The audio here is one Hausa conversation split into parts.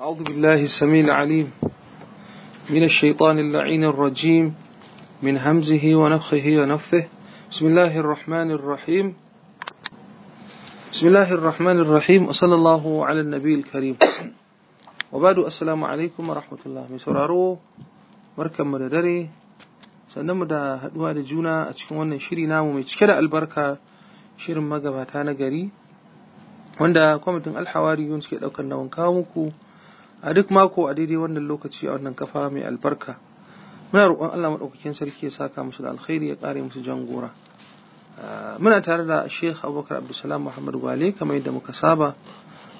أعوذ بالله السميع العليم من الشيطان اللعين الرجيم من همزه ونفخه ونفثه بسم الله الرحمن الرحيم بسم الله الرحمن الرحيم وصلى الله على النبي الكريم وبعد السلام عليكم ورحمة الله مسرارو سرارو مركم مددري sannan da haduwa da juna a cikin wannan shiri namu mai cike da albarka shirin magabata na gari wanda kwamitin alhawariyun suke a duk mako a daidai wannan lokaci a wannan kafa mai albarka muna roƙon Allah maɗaukakin sarki ya saka musu da alkhairi ya kare musu jan gora ah, muna tare da Sheikh Abubakar Abdulsalam Muhammad Gwale kamar yadda muka saba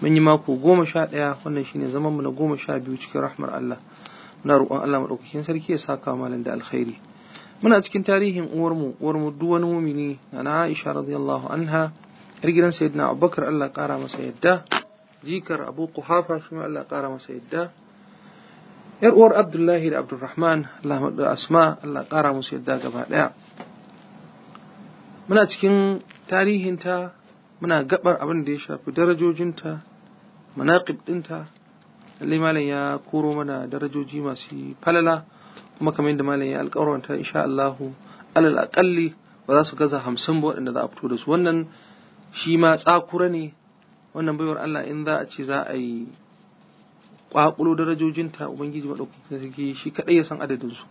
mun yi mako goma sha ɗaya wannan shine zaman mu na goma sha biyu cikin rahmar Allah muna roƙon Allah maɗaukakin sarki ya saka malam da alkhairi muna cikin tarihin uwarmu uwarmu duk wani mumini ana Aisha radiyallahu anha yar gidan Sayyidina Abubakar Allah ƙara masa yadda jikar abu kuhafa shi Allah ƙara masa yadda yar uwar abdullahi da abdurrahman da asma Allah ƙara musu yadda gaba ɗaya muna cikin tarihinta muna gabar abin da ya shafi darajojinta manaƙib ɗinta lallai malam ya koro mana darajoji masu falala kuma kamar yadda malam ya alƙawarwanta insha Allahu alal ba za su gaza hamsin ba waɗanda za a fito da su wannan shi ma tsakura ne wannan baiwar Allah in za a ce za a yi kwakulo darajojinta ubangiji Maɗaukaki shi kaɗai ya san adadinsu.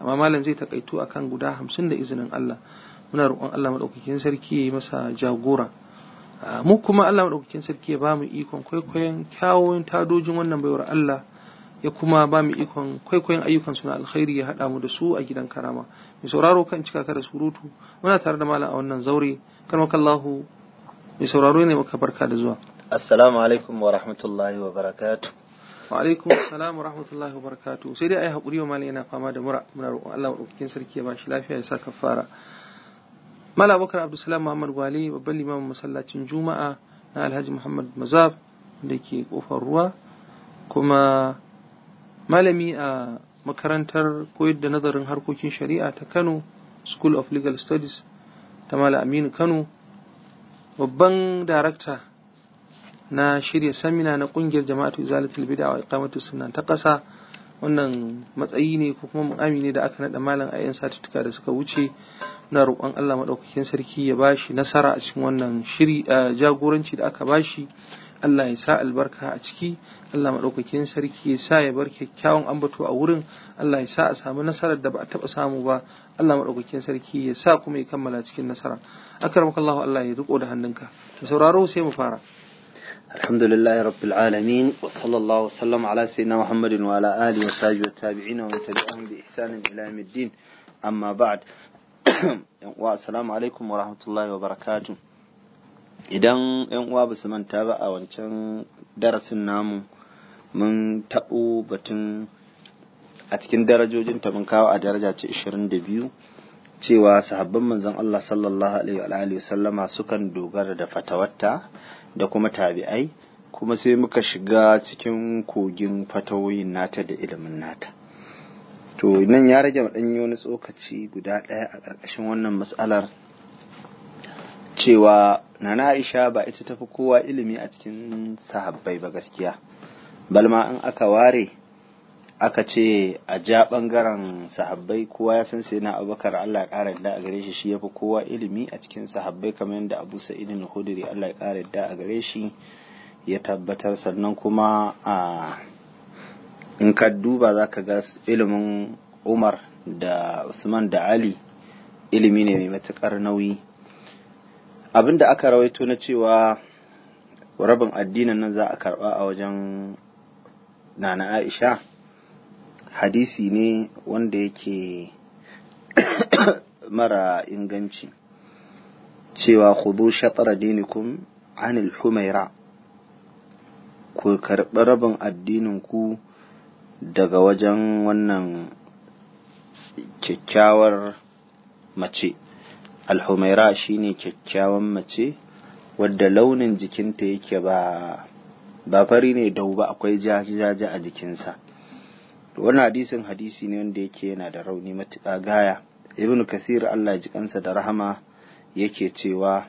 amma malam zai taƙaito a kan guda hamsin da izinin Allah muna roƙon Allah maɗaukakin sarki ya yi masa jagora mu kuma Allah maɗaukakin sarki ya ba mu ikon kwaikwayon kyawun tadojin wannan baiwar Allah ya kuma ba mu ikon kwaikwayon ayyukan suna alkhairi ya haɗa mu da su a gidan karama mai sauraro kan cika ka da surutu muna tare da malam a wannan zaure karmakallahu mai sauraro ne muka barka da zuwa assalamu alaikum wa rahmatullahi wa barakatu wa alaikum assalam wa rahmatullahi wa barakatu sai dai ayi hakuri wa malai yana fama da mura muna roƙon Allah madaukakin sarki ya bashi lafiya ya sa kafara mala bakar abdulsalam muhammad gwali babban limamin masallacin juma'a na alhaji muhammad mazab da ke kofar ruwa kuma malami a makarantar koyar da nazarin harkokin shari'a ta Kano School of Legal Studies ta Malam Aminu Kano babban darakta na shirya samina na kungiyar jama'atu zalatul bid'a wa iqamatu sunna ta kasa wannan matsayi ne ko kuma mu'ami ne da aka nada malam a yan satuttuka da suka wuce na roƙon Allah madaukakin sarki ya bashi nasara a cikin wannan shiri eh, jagoranci da aka bashi Allah ya sa albarka a ciki Allah maɗaukakin sarki ya sa ya bar kyakkyawan ambato a wurin Allah ya sa a samu nasarar da ba a taɓa samu ba Allah maɗaukakin sarki ya sa kuma ya kammala cikin nasara akramakallahu Allah ya riko da hannunka to sauraro sai mu fara Alhamdulillahi لله رب العالمين muhammadin الله وسلم على سيدنا محمد وعلى آله وصحبه والتابعين ومن تبعهم بإحسان إلى يوم idan yan uwa ba su manta ba a wancan darasin namu mun taɓo batun a cikin darajojin ta mun kawo a daraja ce 22 cewa sahabban manzan Allah sallallahu alaihi wa sallama sukan dogara da fatawarta da kuma tabi'ai kuma sai muka shiga cikin kogin fatawoyin nata da ilimin nata to nan ya rage ɗanyi wani tsokaci guda ɗaya a ƙarƙashin wannan matsalar cewa na Na'isha ba ita tafi kowa ilimi a cikin sahabbai ba gaskiya balma in aka ware aka ce a ja ɓangaren sahabbai kowa ya san sai na abubakar Allah ya ƙara da a gare shi shi ya fi kowa ilimi a cikin sahabbai kamar yadda abu sa'idin hudiri Allah ya ƙara da a gare shi ya tabbatar sannan kuma a in ka duba za ka ga ilimin umar da usman da ali ilimi ne mai matuƙar nauyi abin da aka rawaito na cewa rabin addinin nan za a karba a wajen nana aisha hadisi ne wanda yake mara inganci cewa ku zo shatsar dinikum anil humaira ku karɓi rabin addinin daga wajen wannan kyakkyawar mace alhumaira shine kyakkyawan mace wadda launin jikinta yake ba ba fari ne dau ba akwai jaji a jikinsa wannan hadisin hadisi ne wanda yake yana da rauni matuƙa gaya ibnu kasir Allah ji kansa da rahama yake cewa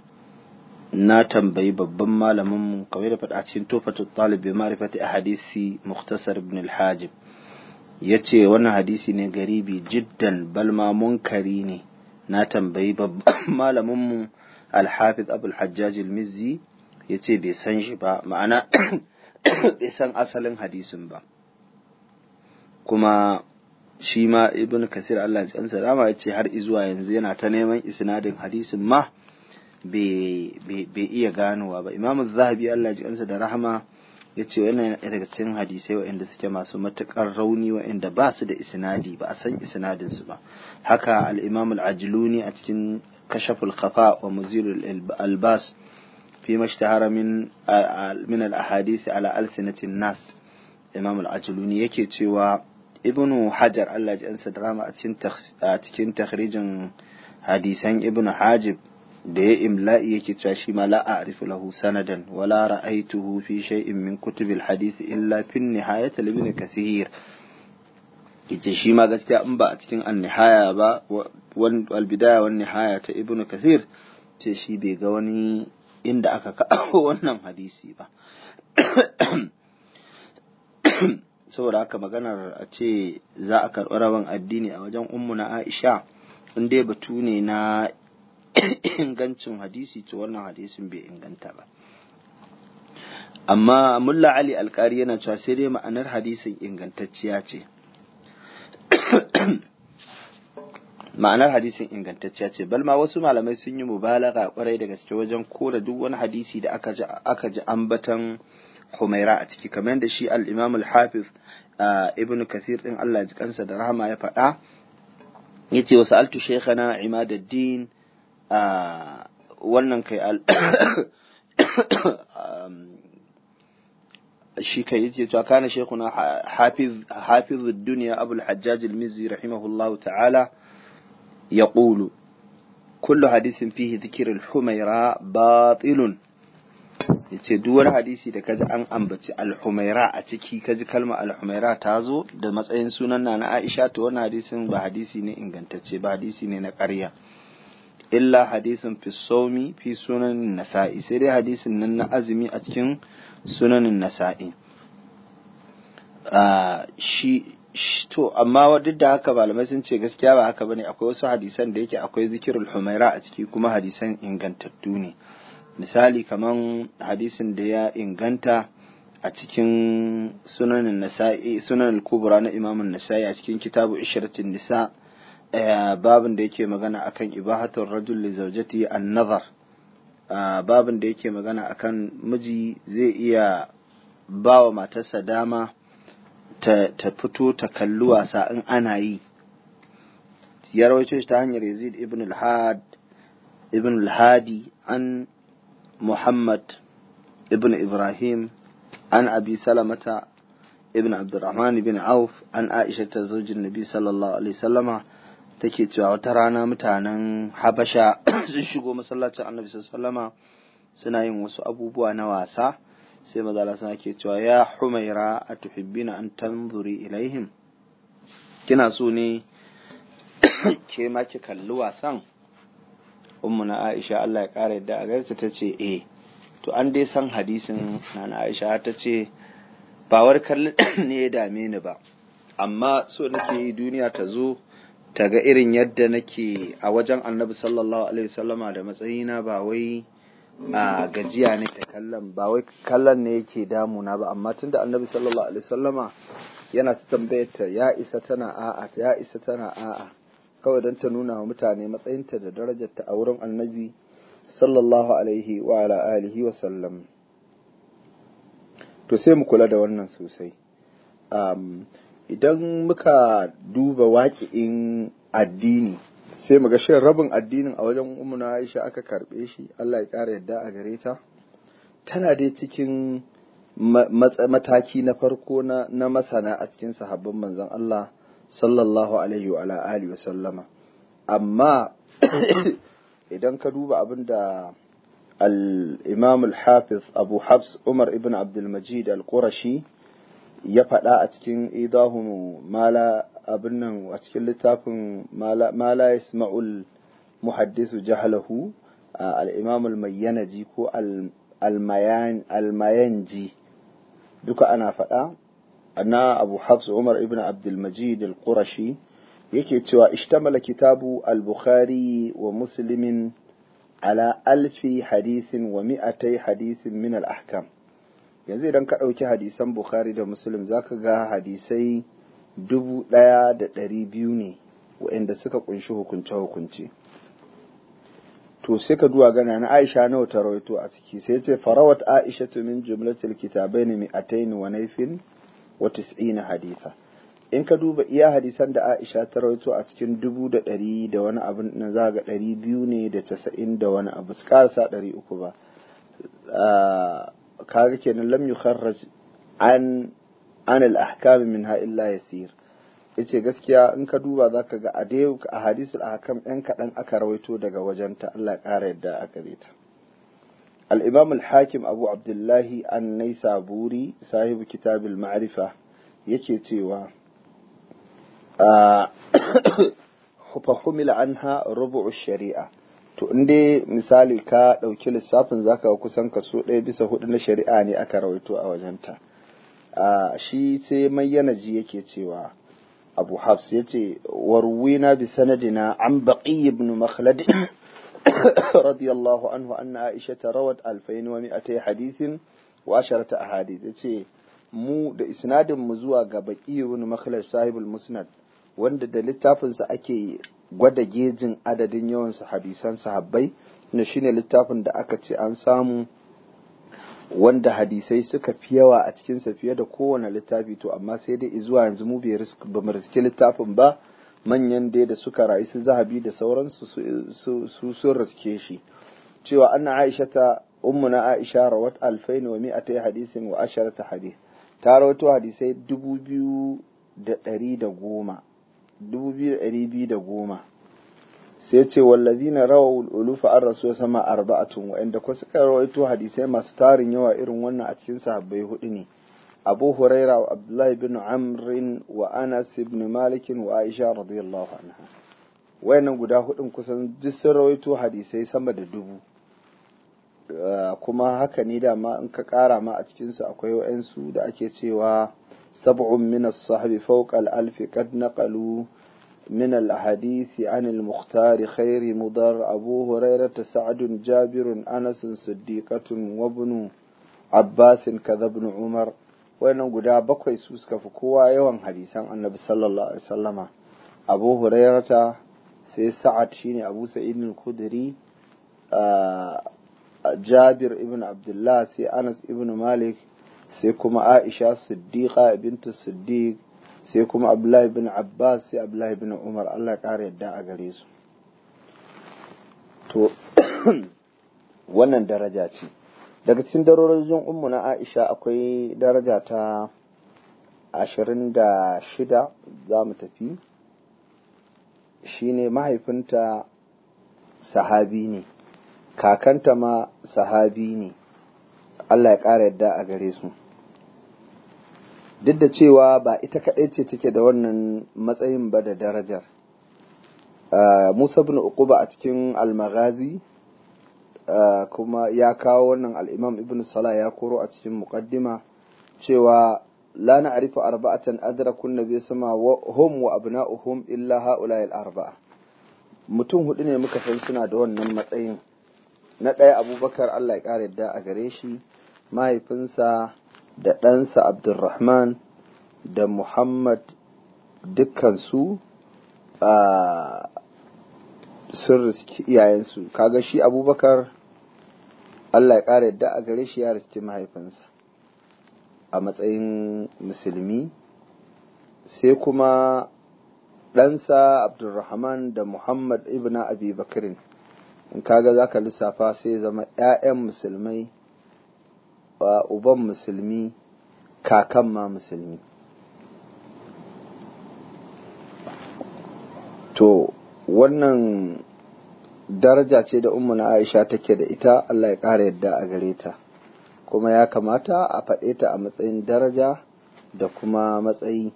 na tambayi babban malamin mu kamar da faɗa cikin tofatu talib bi ma'rifati hadisi mukhtasar ibn al-hajib yace wannan hadisi ne garibi jiddan bal ma munkari ne na tambayi babban malaminmu alhafiz abul hajjaj mizzi ya bai san shi ba ma'ana bai san asalin hadisin ba kuma shi ma ibn kasir Allah ya tsansa rama ya ce har izuwa yanzu yana ta neman isnadin hadisin ma bai iya ganowa ba imamu zahabi Allah ya tsansa da rahama ya ce wannan daga cikin hadisai waɗanda suke masu matuƙar rauni waɗanda ba su da isnadi ba a san isnadin su ba haka al-imam a cikin kashaful khafa wa muzirul albas fi mashtahara min min al-ahadith ala alsinatin nas imam al-ajluni yake cewa ibnu hajar Allah ya ji ansa drama a cikin a hadisan ibnu hajib da ya imla'i yake cewa shi ma la a'rifu lahu sanadan wala ra'aituhu fi shay'in min kutubil hadisi illa fi nihayat ibn kathir yace shi ma gaskiya in ba a cikin an ba wal bidaya wan nihaya ta ibn kathir ce shi bai ga wani inda aka kawo wannan hadisi ba saboda haka maganar a ce za a karɓi rabin addini a wajen ummu na Aisha in dai batu ne na ingancin hadisi to wannan hadisin bai inganta ba amma mulla ali alkari yana cewa sai dai ma'anar hadisin ingantacciya ce ma'anar hadisin ingantacciya ce bal ma wasu malamai sun yi mubalaga kwarai da gaske wajen kora duk wani hadisi da aka ji aka ji ambatan humaira a ciki kamar yadda shi al-imam al-hafiz ibn kathir din Allah ya ji da rahama ya faɗa yace wa sa'altu shaykhana imaduddin wannan kai shi kai yace to kana shekuna hafiz hafiz ad-dunya abu al-hajjaj al-mizzi rahimahullahu ta'ala yaqulu kullu hadisin fihi dhikr al-humaira batil yace duwar hadisi da kaji an ambaci al-humaira a ciki kaji kalma al-humaira ta zo da matsayin sunan na Aisha to wannan hadisin ba hadisi ne ingantacce ba hadisi ne na ƙarya illa hadisin fi fi sunanin nasa'i sai dai hadisin nan na azumi a cikin sunanin nasa'i ah, to amma duk da haka malamai sun ce gaskiya ba haka bane akwai wasu hadisan da yake akwai zikirul humaira a ciki kuma hadisan ingantattu ne misali kaman hadisin da ya inganta a cikin sunanin nasa'i sunan kubra na imamun nasa'i a cikin kitabu ishratin nisa' Eh, babin da yake magana akan ibahatul rajul li zawjati an-nazar eh, babin da yake magana akan miji zai iya bawa matarsa dama ta fito ta kalli wasa in ana yi ya rawaito shi ta hanyar Yazid ibn al-Had ibn al-Hadi an Muhammad ibn Ibrahim an Abi Salamata ibn Abdurrahman ibn Auf an Aisha ta zaujin Nabi sallallahu alaihi wasallama take cewa wata rana mutanen habasha sun shigo masallacin annabi sallama suna yin wasu abubuwa na wasa sai mazala suna ke cewa ya humaira a tuhibbina an tanzuri ilaihim kina so ne ke ma ki kalli wasan ummu na aisha Allah ya kara yadda a gaisa ta ce eh to an dai san hadisin na na aisha ta ce bawar kalli ne ya dame ni ba amma so nake yi duniya ta zo ta ga irin yadda nake a wajen annabi sallallahu alaihi wasallama da matsayina ba wai a gajiya ne ta kallon ba wai kallon ne yake damuna ba amma tunda annabi sallallahu alaihi wasallama yana ta tambayarta ya isa tana a'a ya isa tana a'a kawai don ta nuna wa mutane matsayinta da darajarta a wurin annabi sallallahu alaihi wa ala alihi wa sallam to sai mu kula da wannan sosai um, idan muka duba waƙi'in addini sai muga ga rabin addinin a wajen umuna Aisha aka karbe shi Allah ya ƙara yadda a gare ta tana dai cikin mataki na farko na masana a cikin sahabban manzon Allah sallallahu alaihi wa ala'ali wa sallama amma idan ka duba abin da al-Imam al-Hafiz Abu Hafs Umar ibn Abdul Majid al-Qurashi ya faɗa a cikin idahu mala abin nan a cikin littafin mala isma'ul muhaddisu jahalahu al-imam mayyanaji ko almayanji duka ana faɗa na abu hafs umar ibn abdulmajid al-qurashi yake cewa ishtamala kitabu al-bukhari wa muslimin ala alfi hadisin wa mi'atai hadisin min al-ahkam yanzu idan ka ɗauki hadisan bukhari da muslim za ka ga hadisai dubu ɗaya da ɗari biyu ne waɗanda suka kunshi hukunce-hukunce to sai ka duwa gana na aisha nawa ta rawaito a ciki sai ce farawat aisha min jumlatul kitabai ne mi'atain wa naifin wa tis'ina haditha in ka duba iya hadisan da aisha ta rawaito a cikin dubu da ɗari da wani abu na za ga ɗari biyu ne da casa'in da wani abu su ƙarasa ɗari uku ba ah, kaga kenan lam yukharraj an an al-ahkam minha illa yasir yace gaskiya in ka duba zaka ga a dai a hadisul ahkam ɗan kaɗan aka rawaito daga wajen ta Allah ƙara yadda aka ta al-imam al-hakim abu abdullahi an-naisaburi sahibu kitab al-ma'rifa yake cewa fa humila anha rubu'u shari'a to in dai misali ka ɗauki lissafin zaka ga kusan kaso ɗaya bisa hudu na shari'a ne aka rawaito a wajenta a shi sai mayyana ji yake cewa abu hafs ya ce warwina bi sanadina an baƙi ibn makhlad radiyallahu anhu anna aisha ta rawat a wa mi'atai hadithin wa asharata ahadith ya ce mu da isnadin mu zuwa ga baƙi ibn makhlad sahibul musnad wanda da littafinsa ake gwada gejin adadin yawan hadisan sahabbai na shine littafin da aka ce an samu wanda hadisai suka fi yawa a cikinsa fiye da kowane littafi to amma sai dai izuwa yanzu mu ba mu riske littafin ba manyan dai da suka ra'ayi su zahabi da sauransu su sun riske shi cewa anna aisha ta na aisha rawat alfain wa yi hadisin wa asharata hadis ta rawato hadisai dubu biyu da ɗari da goma 2210 sai ce na rawa ulufa an rasu sama arba'atun wa'anda ko suka rawaito hadisai masu tarin yawa irin wannan a cikin sahabbai hudu ne abu huraira wa abdullahi bin amrin wa anas ibn malikin wa aisha radiyallahu anha wayannan guda hudun kusan duk sun rawaito hadisai sama da dubu ah, kuma haka ne dama in ka kara ma a cikinsu akwai wa'ansu da ake cewa سبع mina الصحب فوق الألف قد نقلوا من الأحاديث عن المختار خير مضر أبو هريرة سعد جابر أنس صديقة وابن عباس كذا ابن عمر wannan guda bakwai su suka fi kowa yawan hadisan annabi sallallahu abu hurairata sai sa'ad shine abu sa'id al jabir ibn abdullah sai anas ibn malik sai kuma aisha siddiqa bintu siddiq sai kuma abdullahi ibn abbas sai abdullahi ibn umar allah ƙara yadda a gare su to wannan daraja ce daga cikin darorojin ummu na aisha akwai daraja ta ashirin da shida za mu tafi shine mahaifinta sahabi ne kakanta ma sahabi ne Allah ya ƙara yadda a gare su duk da cewa ba ita kaɗai ce take da wannan matsayin ba da darajar Musa bin Uquba a cikin Al-Maghazi kuma ya kawo wannan al-Imam Ibn Salah ya koro a cikin muqaddima cewa la na'rifu arba'atan adrakun nabi sama hum wa abna'uhum illa ha'ula'i al-arba'a mutum hudu ne muka san suna da wannan matsayin na ɗaya abubakar Allah ya ƙara yadda a gare shi mahaifinsa da ɗansa abdulrahman da muhammad dukkansu a sun riski iyayensu kaga shi abubakar allah ya ƙara yadda a gare shi ya riski mahaifinsa a matsayin musulmi sai kuma ɗansa abdulrahman da muhammad Ibna abi bakirin in kaga za ka lissafa sai zama 'ya'yan musulmai uban musulmi kakan ma musulmi to wannan daraja ce da ummuna aisha take da ita allah ya ƙara yadda a gare ta kuma ya kamata a faɗe ta a matsayin daraja da kuma matsayi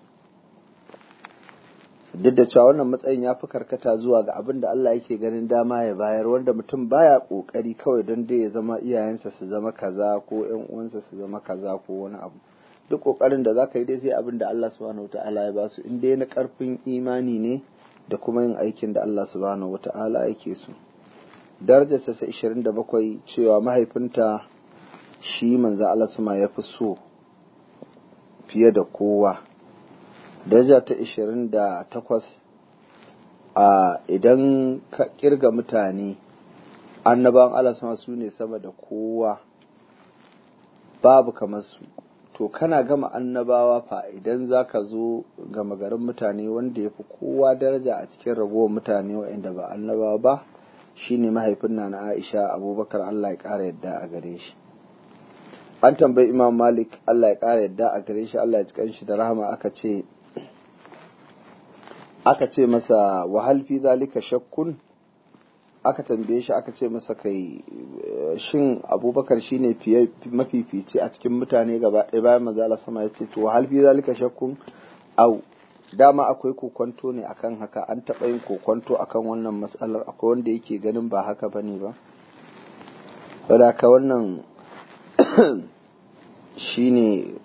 duk da cewa wannan matsayin ya fi karkata zuwa ga abin da Allah yake ganin dama ya bayar wanda mutum baya kokari kawai don dai ya zama iyayensa su zama kaza ko ƴan uwansa su zama kaza ko wani abu duk kokarin da zaka yi dai sai abin da Allah subhanahu wataala ya basu in dai na karfin imani ne da kuma yin aikin da Allah subhanahu wataala yake so darajar sa 27 cewa mahaifinta shi manzo Allah suma ya fi so fiye da kowa daraja ta 28 a idan ka kirga mutane annaban Allah sama su ne sama da kowa babu kamar su to kana gama annabawa fa idan za ka zo gama garin mutane wanda ya fi kowa daraja a cikin ragowar mutane waɗanda ba annabawa ba shine mahaifin Nana Aisha Abubakar Allah ya ƙara yadda a gare shi an tambayi Imam Malik Allah ya ƙara yadda a gare shi Allah ya cikan shi da rahama aka ce aka ce masa wahal fi zalika shakkun aka tambaye shi aka ce masa kai shin abubakar shine fiye mafifici a cikin mutane gaba ɗaya bayan mazala sama ya ce to wahal fi zalika shakkun au dama akwai kokonto ne akan haka an taɓa yin kokonto akan wannan matsalar akwai wanda yake ganin ba haka ba ne ba wadaka wannan ne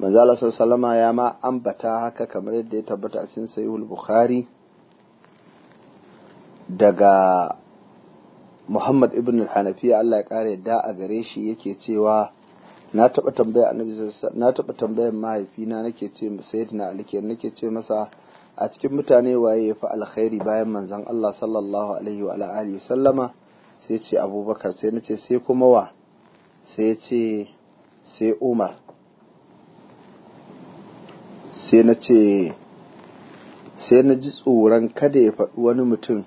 manzo Allah sallama ya ma ambata haka kamar yadda ya tabbata a cikin sahihul bukhari daga Muhammad ibn al hanafi Allah ya kare da a gare shi yake cewa na taba tambaya annabi na taba tambayar mahaifina nake ce sayyidina Ali ke nake ce masa a cikin mutane waye ya fi alkhairi bayan manzon Allah sallallahu alaihi wa alihi sallama sai ce Abubakar sai nace sai kuma wa sai ce sai Umar sai na ce sai na ji tsoron kada ya faɗi wani mutum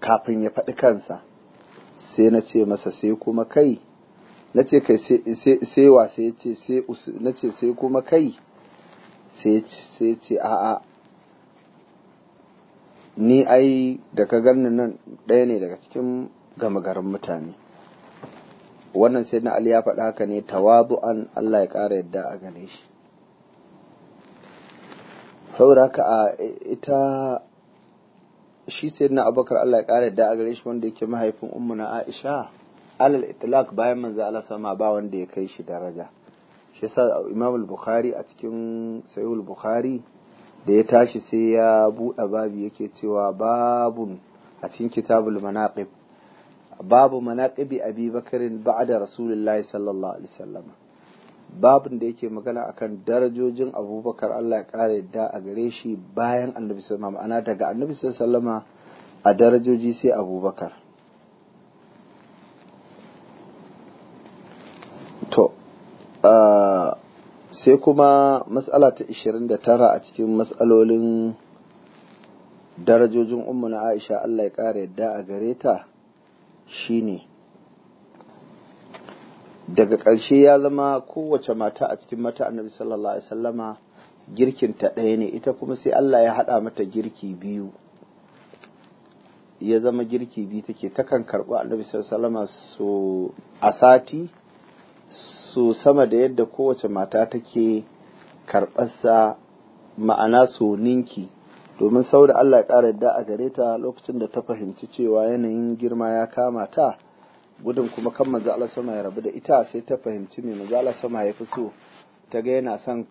kafin ya faɗi kansa sai na ce masa sai kuma kai na ce kai sai wa sai ya ce na ce sai kuma kai sai ya ce a'a ni ai da ka ganni nan ɗaya ne daga cikin gama garin mutane wannan sai na ya faɗa haka ne an Allah ya ƙara yadda a gane shi saboda haka a ita shi sai na abokar Allah ya ƙara yadda a gare shi wanda yake mahaifin ummuna Aisha alal itlaq bayan manzo Allah sama ba wanda ya kai shi daraja shi sa Imam al-Bukhari a cikin Sahih al-Bukhari da ya tashi sai ya buɗe babu yake cewa babun a cikin kitabul manaqib babu manaqibi abi bakarin da rasulullahi sallallahu alaihi wasallam babin da yake magana akan darajojin abubakar Allah ya kare yadda a gare shi bayan annabi sallallahu alaihi wasallam daga annabi sallallahu alaihi a darajoji sai abubakar to sai kuma matsala ta 29 a cikin matsalolin darajojin ummu na Aisha Allah ya kare yadda a gare ta shine daga ƙarshe ya zama kowace mata a cikin mata annabi sallallahu alaihi sallama girkinta ɗaya ne ita kuma sai Allah ya haɗa mata girki biyu ya zama girki biyu take takan karɓi annabi sallallahu alaihi so a sati so sama da yadda kowace mata take karɓarsa ma'ana so ninki domin sau da Allah ya ƙara yadda a gare ta lokacin da ta fahimci cewa yanayin girma ya kama ta gudun kuma kan manzo Allah sama ya rabu da ita sai ta fahimci mai manzo Allah sama ya fi so ta ga yana son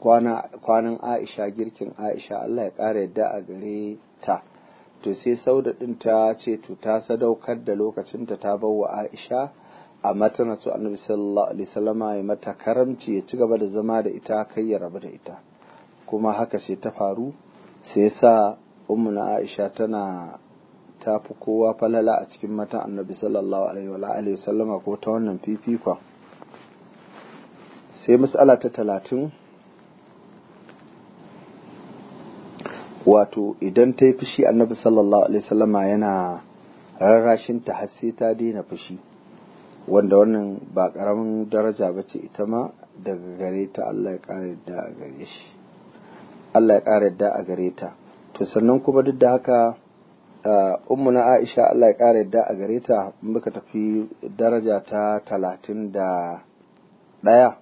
kwanan Aisha girkin Aisha Allah ya ƙara yadda a gare ta to sai sauda ɗin ta ce to ta sadaukar da lokacin ta ta bawa Aisha a matana su annabi sallallahu ya mata karamci ya ci gaba da zama da ita kai ya rabu da ita kuma haka sai ta faru sai yasa ummuna Aisha tana ta fi kowa falala a cikin matan annabi sallallahu alaihi wa sallama ko ta wannan fifikon sai mas'ala ta talatin wato idan ta yi fushi annabi sallallahu alaihi sallama yana rarrashin ta har sai ta daina fushi wanda wannan ba karamin daraja ba ce ita ma daga gare ta Allah ya kare da gare shi Allah ya ƙara yadda a gare ta to sannan kuma duk da haka ummu na Aisha Allah ya ƙara yadda a gare ta muka tafi daraja ta talatin da ɗaya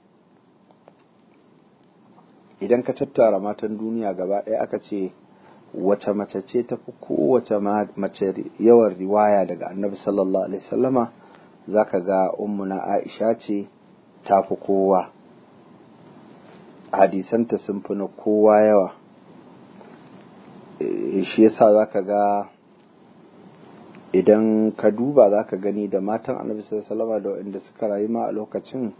idan ka tattara matan duniya gaba ɗaya aka ce wace mace ce ta fi kowace mace yawan riwaya daga annabi sallallahu alaihi sallama za ka ga na aisha ce ta fi kowa hadisanta sun fi na kowa yawa eh, shi yasa za ka ga idan ka duba za ka gani da matan annabi salama da waɗanda suka rayu ma a lokacin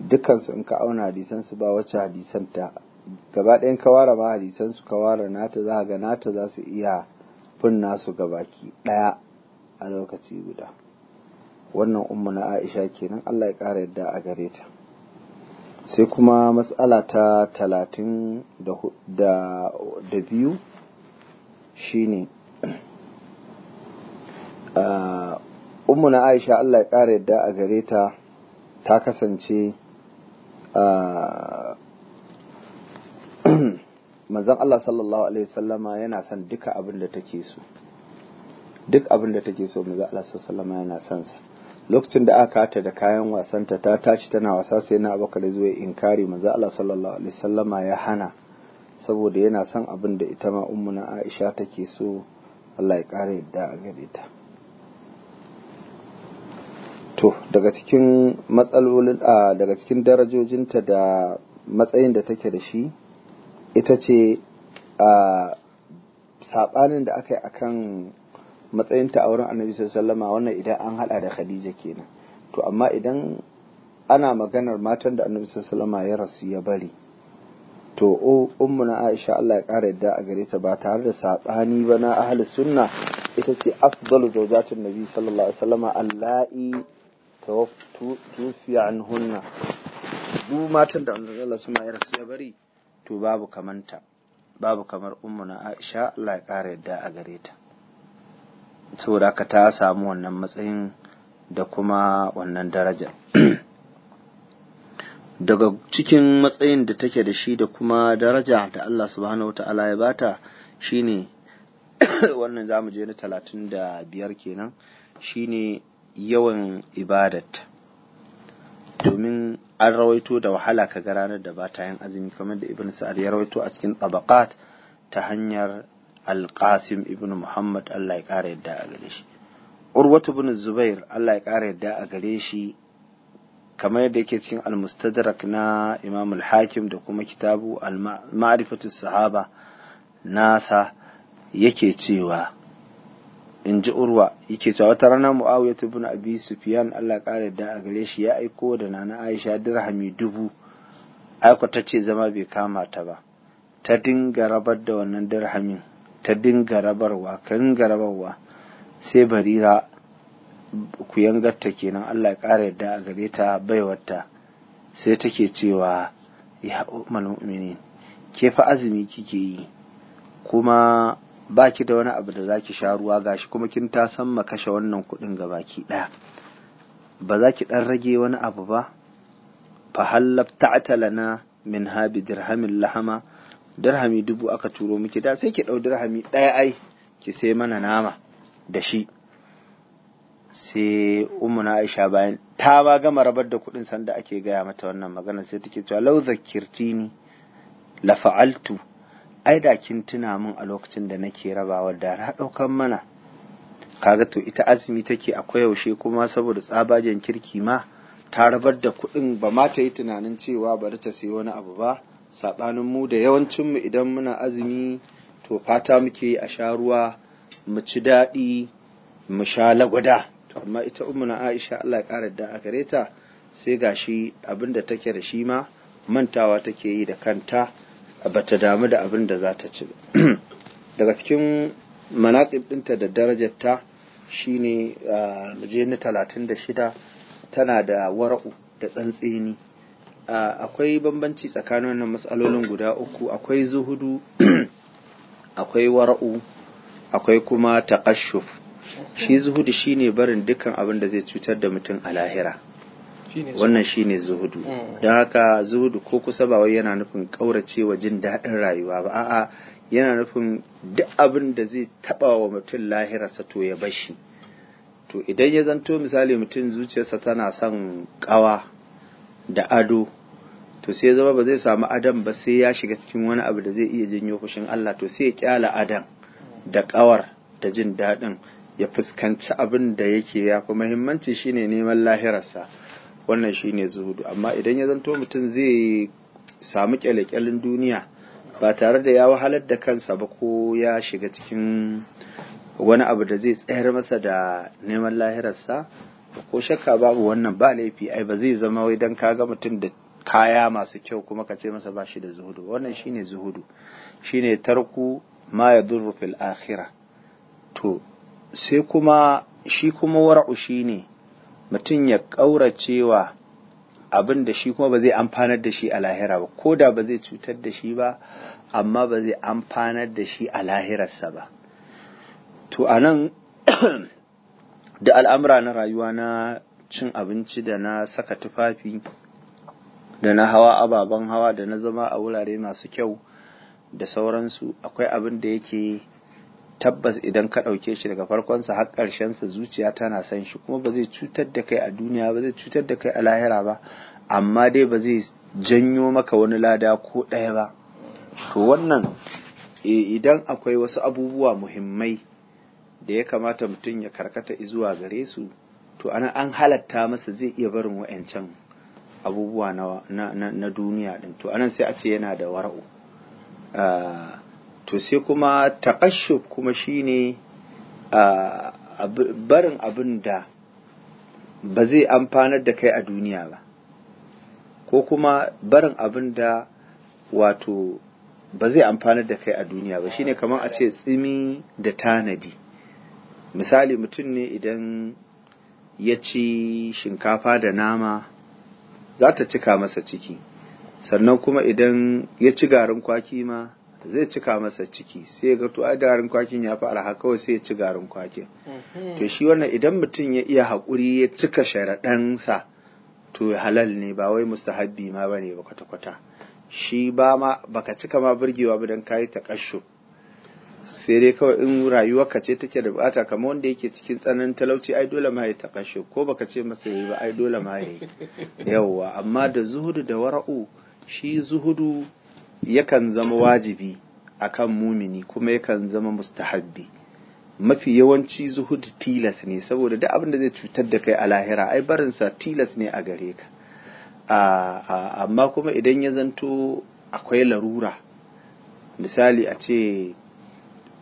dukansu in ka auna hadisansu ba wacce hadisanta gaba ɗayan ka ware ma hadisansu ka ware nata za ga nata za su iya fin nasu gabaki ɗaya a lokaci guda wannan umma na aisha kenan allah ya ƙara yadda a gare ta sai kuma matsala ta talatin da biyu shine ah, umu na aisha allah ya ƙara yadda a gare ta ta kasance ah, manzan allah sallallahu alaihi wasallama yana son duka abin da take so duk abin da take so manzan allah sallallahu alaihi wasallama yana son sa lokacin da aka hata da kayan wasanta ta tashi tana wasa sai na abakar zuwa inkari manzo Allah sallallahu alaihi wasallama ya hana saboda yana son abin da ita ma na Aisha take so Allah ya kare yadda a gare ta to daga cikin matsalolin a daga cikin darajojinta da matsayin da take da shi ita ce a sabanin da aka yi akan matsayinta a wurin annabi sallama wannan idan an hada da khadija kenan to amma idan ana maganar matan da annabi sallama ya rasu ya bari to ummu na aisha Allah ya kara yadda a gare ta ba tare da sabani ba na ahli sunna ita ce afdalu zawjatin nabi sallallahu alaihi wasallama allahi tawaftu tufiya anhunna du matan da annabi sallama ya rasu ya bari to babu kamanta babu kamar ummu na aisha Allah ya kara yadda a gare ta saboda haka ta samu wannan matsayin da kuma wannan daraja daga cikin matsayin da take da shi da kuma daraja da Allah subhanahu wa ta'ala ya bata shine wannan zamu je na talatin da biyar kenan shine yawan ibadat domin an rawaito da wahala ka ga ranar da ba yin azumi kamar da ibn sa'ad ya rawaito a cikin tabaqat ta hanyar alƙasim ibn muhammad allah ya ƙara yadda a gare shi urwatu bin zubair allah ya ƙara yadda a gare shi kamar yadda yake cikin almustadrak na imam al-hakim da kuma kitabu marifatu sahaba nasa yake cewa in ji urwa yake cewa wata rana muawiya ibn abi sufyan Allah ya kare yadda a gare shi ya aiko da nana Aisha dirhami dubu aiko ta ce zama bai kama ta ba ta dinga rabar da wannan dirhamin ta dinga rabarwa ka dinga rabarwa sai barira ku yangarta kenan Allah ya ƙara yadda a gare ta baiwarta sai take cewa ya malam mu'minin ke fa azumi kike yi kuma baki da wani abu da zaki ki sha ruwa gashi kuma kin ta san ma kashe wannan kuɗin ga baki ɗaya ba zaki ki ɗan rage wani abu ba fa hallab ta'talana min habi dirhamin lahama dirhami dubu aka turo miki da sai ki ɗau dirhami ɗaya ai ki sai mana nama da shi sai na aisha bayan ta ba gama rabar da kuɗin sanda ake gaya mata wannan magana sai take cewa lau zakirtini la fa'altu ai da kin tuna min a lokacin da nake rabawa da na ɗaukan mana kaga to ita azumi take akwai yaushe kuma saboda tsabagen kirki ma ta rabar da kuɗin ba ma ta yi tunanin cewa bari ta sayi wani abu ba saɓanin mu da yawancinmu idan muna azumi to fata muke a sha ruwa mu ci daɗi mu sha lagwada to amma ita ummuna Aisha Allah ya ƙara da a gare ta sai gashi abin da take da shi ma mantawa take yi da kanta bata damu da abin da za ta ci daga cikin manaƙib ɗinta da darajarta shine ah, je na talatin da shida tana da wara'u da tsantseni akwai bambanci tsakanin wannan matsalolin guda uku akwai zuhudu akwai wara'u akwai kuma taƙashuf shi zuhudu shine barin dukkan abin da zai cutar da mutum a lahira wannan shine zuhudu hmm. don haka zuhudu ko kusa ba wai yana nufin ƙaurace wa jin daɗin rayuwa ba a'a yana nufin duk abin da zai taɓa wa mutum sa to ya bashi to idan ya zanto misali mutum zuciyarsa tana son ƙawa da ado to sai zama ba zai samu adam ba sai ya shiga cikin wani abu da zai iya janyo fushin Allah to sai ya kyala adam da kawar da jin daɗin ya fuskanci abin da yake ya fi muhimmanci shine neman lahirarsa wannan shine zuhudu amma idan ya zanto mutum zai samu kyalekyalin duniya ba tare da ya wahalar da kansa ba ko ya shiga cikin wani abu da zai tsayar masa da neman lahirarsa ko shakka babu wannan ba laifi ai ba zai zama wai dan kaga mutum da kaya masu kyau kuma ka ce masa ba shi da zuhudu wannan shine zuhudu shine tarku ma ya yadurru fil akhira to sai kuma shi kuma wara'u ne mutum ya ƙauracewa abin da shi kuma ba zai amfanar da shi a lahira ba ko da ba zai cutar da shi ba amma ba zai amfanar da shi a lahirarsa ba to a nan da al'amura na rayuwa na cin abinci da na saka tufafi da na hawa ababen hawa da na zama a wurare masu kyau da sauransu akwai abin da yake tabbas idan ka ɗauke shi daga farkon sa har karshen sa zuciya tana san shi kuma ba zai cutar da kai a duniya ba zai cutar da kai a lahira ba amma dai ba zai janyo maka wani lada ko ɗaya ba to wannan idan akwai wasu abubuwa muhimmai da ya kamata mutum ya karkata zuwa gare su to ana an halatta masa zai iya barin wa'ancan abubuwa na, duniya din to anan sai a ce yana da wara'u ah, to sai kuma taƙashuf kuma shine ah, barin abin ba zai amfanar da kai a duniya ba ko kuma barin abin wato ba zai amfanar da kai a duniya ba shine kamar a ce tsimi da tanadi misali mutum ne idan ya ci shinkafa da nama za ta cika masa ciki sannan kuma idan ya ci garin kwaki ma zai cika masa ciki sai ya gato ai garin kwakin ya fi haka kawai sai ya ci garin kwakin mhm. to shi wannan idan mutum ya iya haƙuri ya cika sharaɗansa to halal ne ba wai mustahabbi ma bane ba kwata-kwata shi ba ma baka cika ma burgewa ba dan kayi ta kashu sai dai kawai in ka ce take da bukata kamar wanda yake cikin tsananin talauci ai dole ma ya takashe ko baka ce masa yi ba ai dole ma ya yawwa amma da zuhudu da wara'u shi zuhudu yakan zama wajibi akan mumini kuma yakan zama mustahabbi mafi yawanci zuhudu tilas ne saboda duk abin da zai cutar da kai a lahira ai sa tilas ne a gare ka amma kuma idan ya zanto akwai larura misali a ce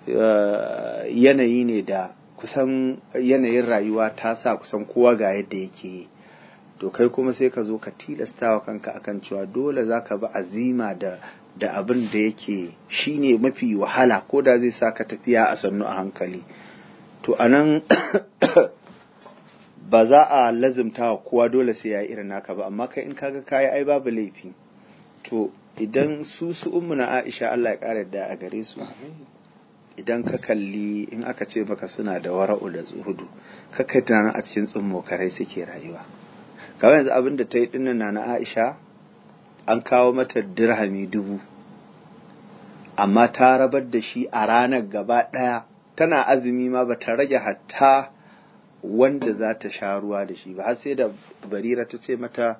Eh, yanayi ne da kusan yanayin rayuwa ta sa kusan kowa ga yadda yake yi to kai kuma sai ka zo ka tilastawa kanka akan cewa dole za ka bi azima da da abin da yake shi ne mafi wahala ko da zai sa ka tafiya a sannu a hankali to a nan ba za a lazimta wa kowa dole sai ya irin naka ba amma kai in kaga kayi ai babu laifi to idan su su ummu na Aisha Allah ya kare da a gare su idan ka kalli in aka ce maka suna da wara'u da zuhudu ka kai tunanin a cikin tsummokarai suke rayuwa kawai yanzu abin da ta yi dinnan na na aisha an kawo mata dirhami dubu amma ta rabar da shi a ranar gaba ɗaya tana azumi ma ba ta rage hatta wanda za ta sha ruwa da shi ba har sai da barira ta ce mata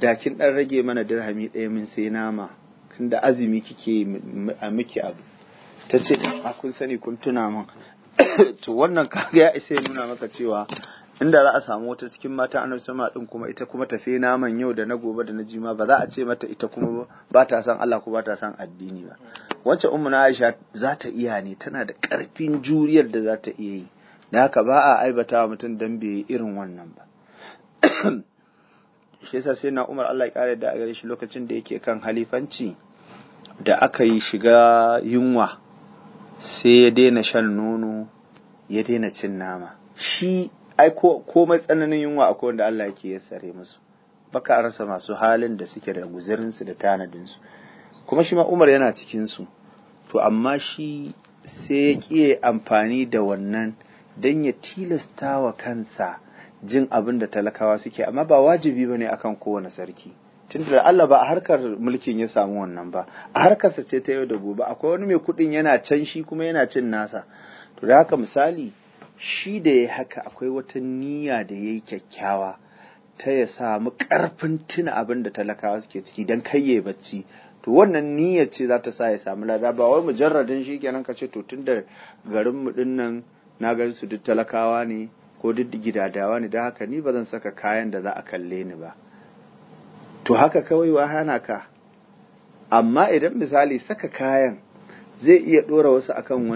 dakin ɗan rage mana dirhami ɗaya min sai nama tunda azumi kike a miki abu ta ce a ah, kun sani kun tuna min to wannan kaga ya isa ya nuna maka cewa inda za a samu wata cikin mata a sama din kuma ita kuma tafe naman yau da na gobe da na jima ba za a ce mata ita kuma ba ta san Allah ko ba ta san addini ba wacce ummu na Aisha za ta iya ne tana da karfin juriyar da za ta iya yi da haka ba a aibata wa mutum dan bai irin wannan ba shi yasa sai na Umar Allah ya kare da a gare shi lokacin da yake kan halifanci da aka yi shiga yunwa sai ya daina shan nono ya daina cin nama shi ai komai tsananin yunwa akwai wanda Allah yake yassare musu baka rasa masu halin da suke da guzirinsu da tanadinsu kuma shi ma Umar yana cikinsu to amma shi sai ya kiye amfani da wannan don ya tilasta wa kansa jin abin da talakawa suke amma ba wajibi ba ne akan kowane sarki tunda Allah ba a harkar mulkin ya samu wannan ba a harkarsa ce ta yau da gobe akwai wani mai kuɗin yana can shi kuma yana cin nasa to da haka misali shi da ya haka akwai wata niyya da ya yi kyakkyawa ta ya samu ƙarfin tuna abin da talakawa suke ciki don kai ya bacci to wannan niyya ce za ta sa ya samu lada ba wai mujarradin shi kenan ka ce to tun da garin mu din nan na gari su duk talakawa ne ko duk gidadawa ne don haka ni ba zan saka kayan da za a kalle ni ba to haka kawai wa hana ka amma idan misali saka kayan zai iya ɗora wasu akan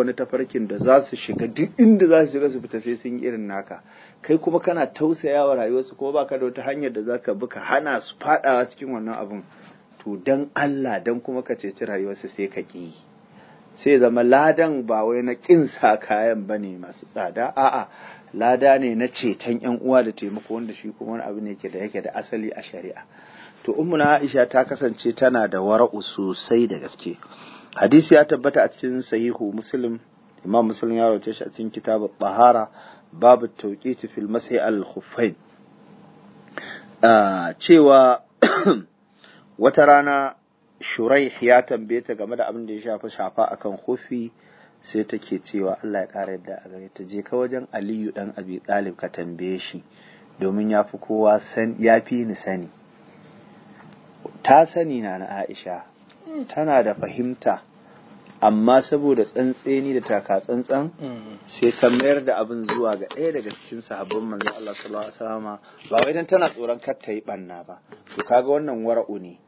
wani tafarkin da za su shiga duk inda za su shiga su fita sai sun irin naka kai kuma kana tausayawa rayuwarsu ko baka da wata hanyar da zaka bi ka hana su fadawa cikin wannan abun to dan Allah dan kuma ka ceci rayuwarsu sai ka ki sai zama ladan ba wai na ƙin sa kayan bane masu tsada a'a lada ne na ceton yan uwa da taimako wanda shi kuma wani abu ne ke da yake da asali a shari'a to ummuna aisha ta kasance tana da wara'u sosai da gaske hadisi ya tabbata a cikin sahihu muslim imam muslim ya rawace shi a cikin kitab bahara babu tawqiti fil masai al khuffain cewa wata rana shuraih ya tambaye ta game da abin da ya shafa shafa akan khufi sai take cewa Allah ya ƙara yadda a gare ta je ka wajen Aliyu ɗan Abi Talib ka tambaye shi domin ya fi kowa san ya fi ni sani ta sani na na Aisha tana da fahimta amma saboda tsantseni da taka tsantsan sai ka mayar da abin zuwa ga ɗaya daga cikin sahabban manzon Allah sallallahu alaihi ba wai dan tana tsoron kar ta yi banna ba to kaga wannan wara'u ne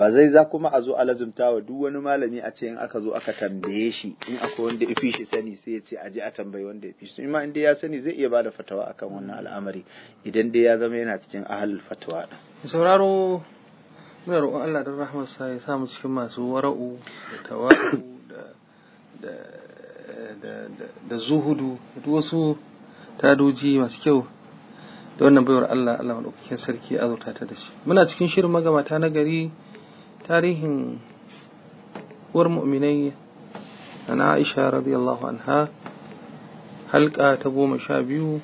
ba zai za kuma a zo alazumta wa duk wani malami a ce in aka zo aka tambaye shi in akwai wanda ya fi shi sani sai ya ce a je a tambayi wanda ya fi shi ma in dai ya sani zai iya ba da fatawa akan wannan al'amari idan dai ya zama yana cikin ahal fatawa da sauraro muna roƙon Allah don rahmar sa ya samu cikin masu wara'u da tawa'u da da zuhudu da wasu tadoji masu kyau da wannan baiwar Allah Allah madaukakin sarki azurta ta da shi muna cikin shirin magamata na gari tarihin uwar mu'minai na Aisha radiyallahu anha halka ta goma sha biyu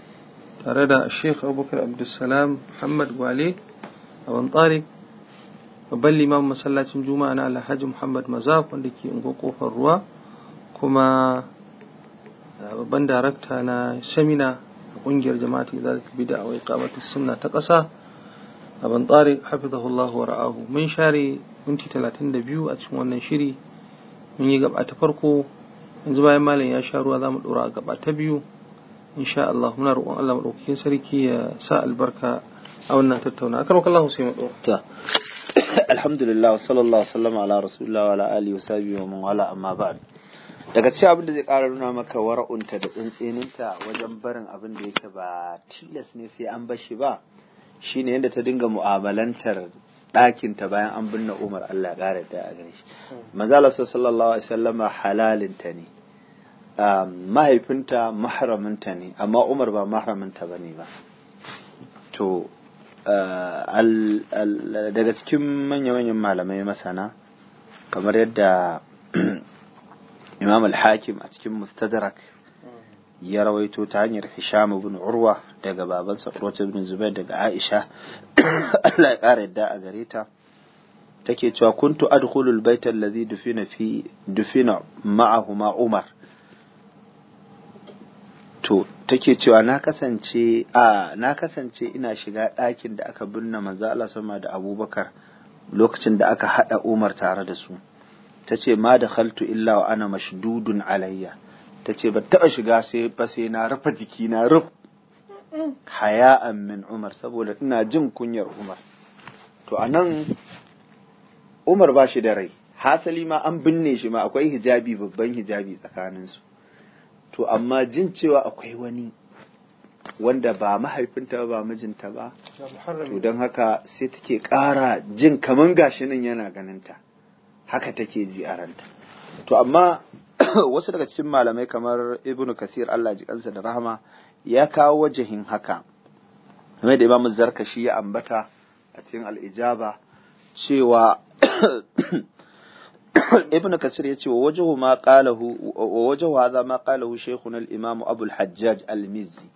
tare da Sheikh Abubakar Abdulsalam Muhammad Gwale Aban Tariq babban limamin masallacin Juma'a na Alhaji Muhammad maza wanda ke ungo kofar ruwa kuma eh, babban darakta na Samina a kungiyar jama'atu da ta bida a wai sunna ta ƙasa Aban Tariq hafizahullahu wa ra'ahu mun share minti talatin da biyu a cikin wannan shiri mun yi gaba ta farko yanzu bayan malam ya sha ruwa za mu ɗora gaba ta biyu insha Allah muna roƙon Allah maɗaukakin sarki ya sa albarka a wannan tattauna akan wakar Allah sai mu ɗora. alhamdulillah wa sallallahu sallam ala rasulullah wa ala alihi wa sahbihi wa man wala amma ba'd daga cikin abin da zai ƙara nuna maka wara'unta da tsintsininta wajen barin abin da yake ba tilas ne sai an bashi ba shine yadda ta dinga mu'amalantar ɗakin ta bayan an binne Umar Allah ya ƙara da a gare shi manzala sallallahu alaihi wasallama halalin ta ne um, mahaifinta mahraminta ne amma Umar ba mahraminta bane ba to uh, daga cikin manya-manyan malamai masana kamar yadda Imam al-Hakim a cikin Mustadrak ya rawaito ta hanyar Hisham ibn Urwa daga babansa Urwat ibn Zubair daga Aisha Allah ya ƙara yadda a gare ta take cewa kuntu adkhulu albayta alladhi dufina fi dufina ma'ahuma Umar to take cewa na kasance a na kasance ina shiga ɗakin da aka binne manzo Allah sama da Abubakar lokacin da aka hada Umar tare da su tace ma dakhaltu illa wa ana mashdudun alayya ta ce ba taɓa shiga sai ba sai na rufa jiki na ruf haya'an min Umar saboda ina jin kunyar Umar to a nan Umar ba shi da rai hasali ma an binne shi ma akwai hijabi babban hijabi tsakaninsu to amma jin cewa akwai wani wanda ba mahaifinta ba mijinta ba to don haka sai take ƙara jin kaman gashi nan yana ganinta haka take ji a ranta to amma wasu daga cikin malamai kamar ibnu kasir Allah ji kansa da rahama ya kawo wajahin haka game da imam zarkashi ya ambata a cikin al'ijaba cewa ibn kasir ya ce wa wajahu ma qalahu wa wajahu hadha ma qalahu shaykhuna al-imam abu al-hajjaj al-mizzi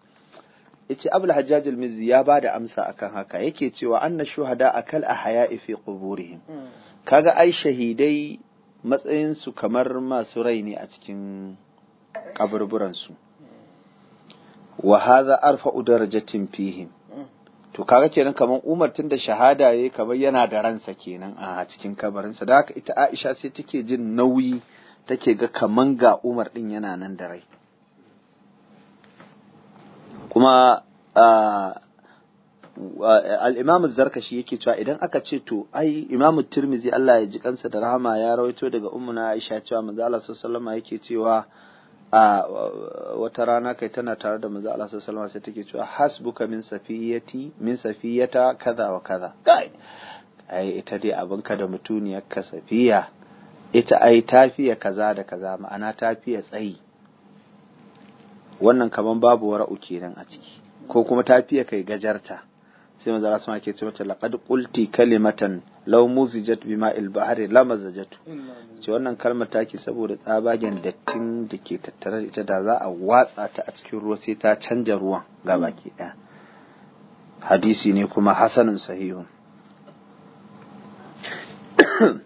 yace abu al-hajjaj al-mizzi ya bada amsa akan haka yake cewa anna shuhada akal ahya'i fi quburihim hmm. kaga ai shahidai matsayinsu kamar masu rai ne a cikin ƙaburburansu wa arfa arfa'u jatin fihim to kaga kenan kamar Umar tunda shahada ya yi kamar yana da ransa kenan a cikin kabarinsa da haka ita Aisha sai take jin nauyi take ga kamar ga Umar ɗin yana nan da rai kuma ah, al-Imam Zarkashi yake cewa idan aka ce to ai Imam Tirmizi Allah ya ji kansa da rahama ya rawaito daga Umuna Aisha cewa manzo Allah sallallahu alaihi yake cewa a wata rana kai tana tare da manzo Allah sallallahu alaihi sai take cewa hasbuka min safiyati min safiyata kaza wa kaza kai ai ita dai ka da mutuniyar ka safiya ita ai tafiya kaza da kaza ma'ana tafiya tsayi wannan kaman babu wara'u kenan a ciki ko kuma tafiya kai gajarta sai manzo Allah ke ce mata laqad qulti kalimatan law muzijat bima al bahri lamazajatu ce wannan kalmar ke saboda tsabagen dattin da ke tattare da ita da za a watsa ta a cikin ruwa sai ta canja ruwan ga baki daya hadisi ne kuma hasanun sahihu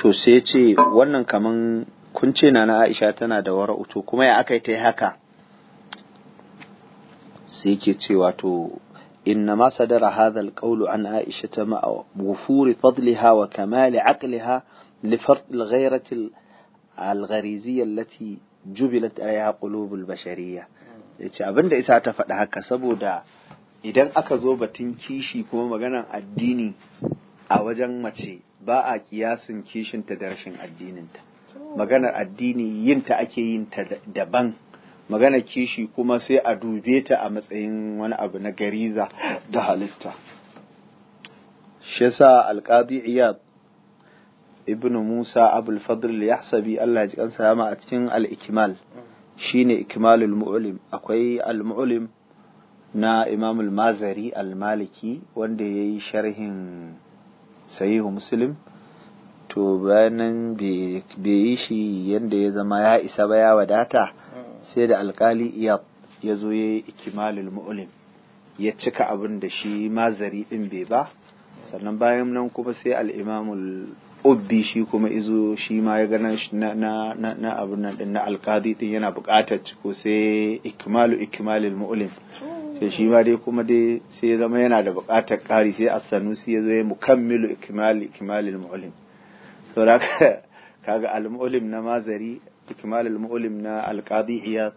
to sai ce wannan kaman kun ce na Aisha tana da wara'u to kuma ya aka yi ta haka sai ke ce wato إنما صدر هذا القول عن عائشة مع وفور فضلها وكمال عقلها لفرط الغيرة الغريزية التي jubilat alaiha qulubul bashariya abin da isa ta faɗi haka saboda idan aka zo batun kishi kuma maganan addini a wajen mace ba a kiyasin kishinta da rashin addininta maganar addini yinta ake yin ta daban magana kishi kuma sai a dube ta a matsayin wani abu na gariza da halitta shi yasa alqadi iyad ibn musa abul fadl al-yahsabi Allah ji kansa yama a cikin al-ikmal shine ikmalul mu'lim akwai al-mu'lim na imam al-mazari al-maliki wanda yayi sharhin sahihu muslim to bayanan bai yi shi yadda ya zama ya isa ba ya wadata sai da alkali iyab ya zo ya yi ikimalul mu'lim ya cika abin da shi mazari din bai ba sannan bayan nan kuma sai al'imamul ubbi shi kuma izo shi ma ya gana na na abin nan din na alkali din yana buƙatar ciko sai ikimalu ikimalul mu'lim sai shi ma dai kuma dai sai zama yana da buƙatar kari sai a sanusi ya zo ya mukammilu ikmal ikimalul mu'lim saboda kaga al-mu'lim na mazari ikmal al-mu'lim na al-qadi iyad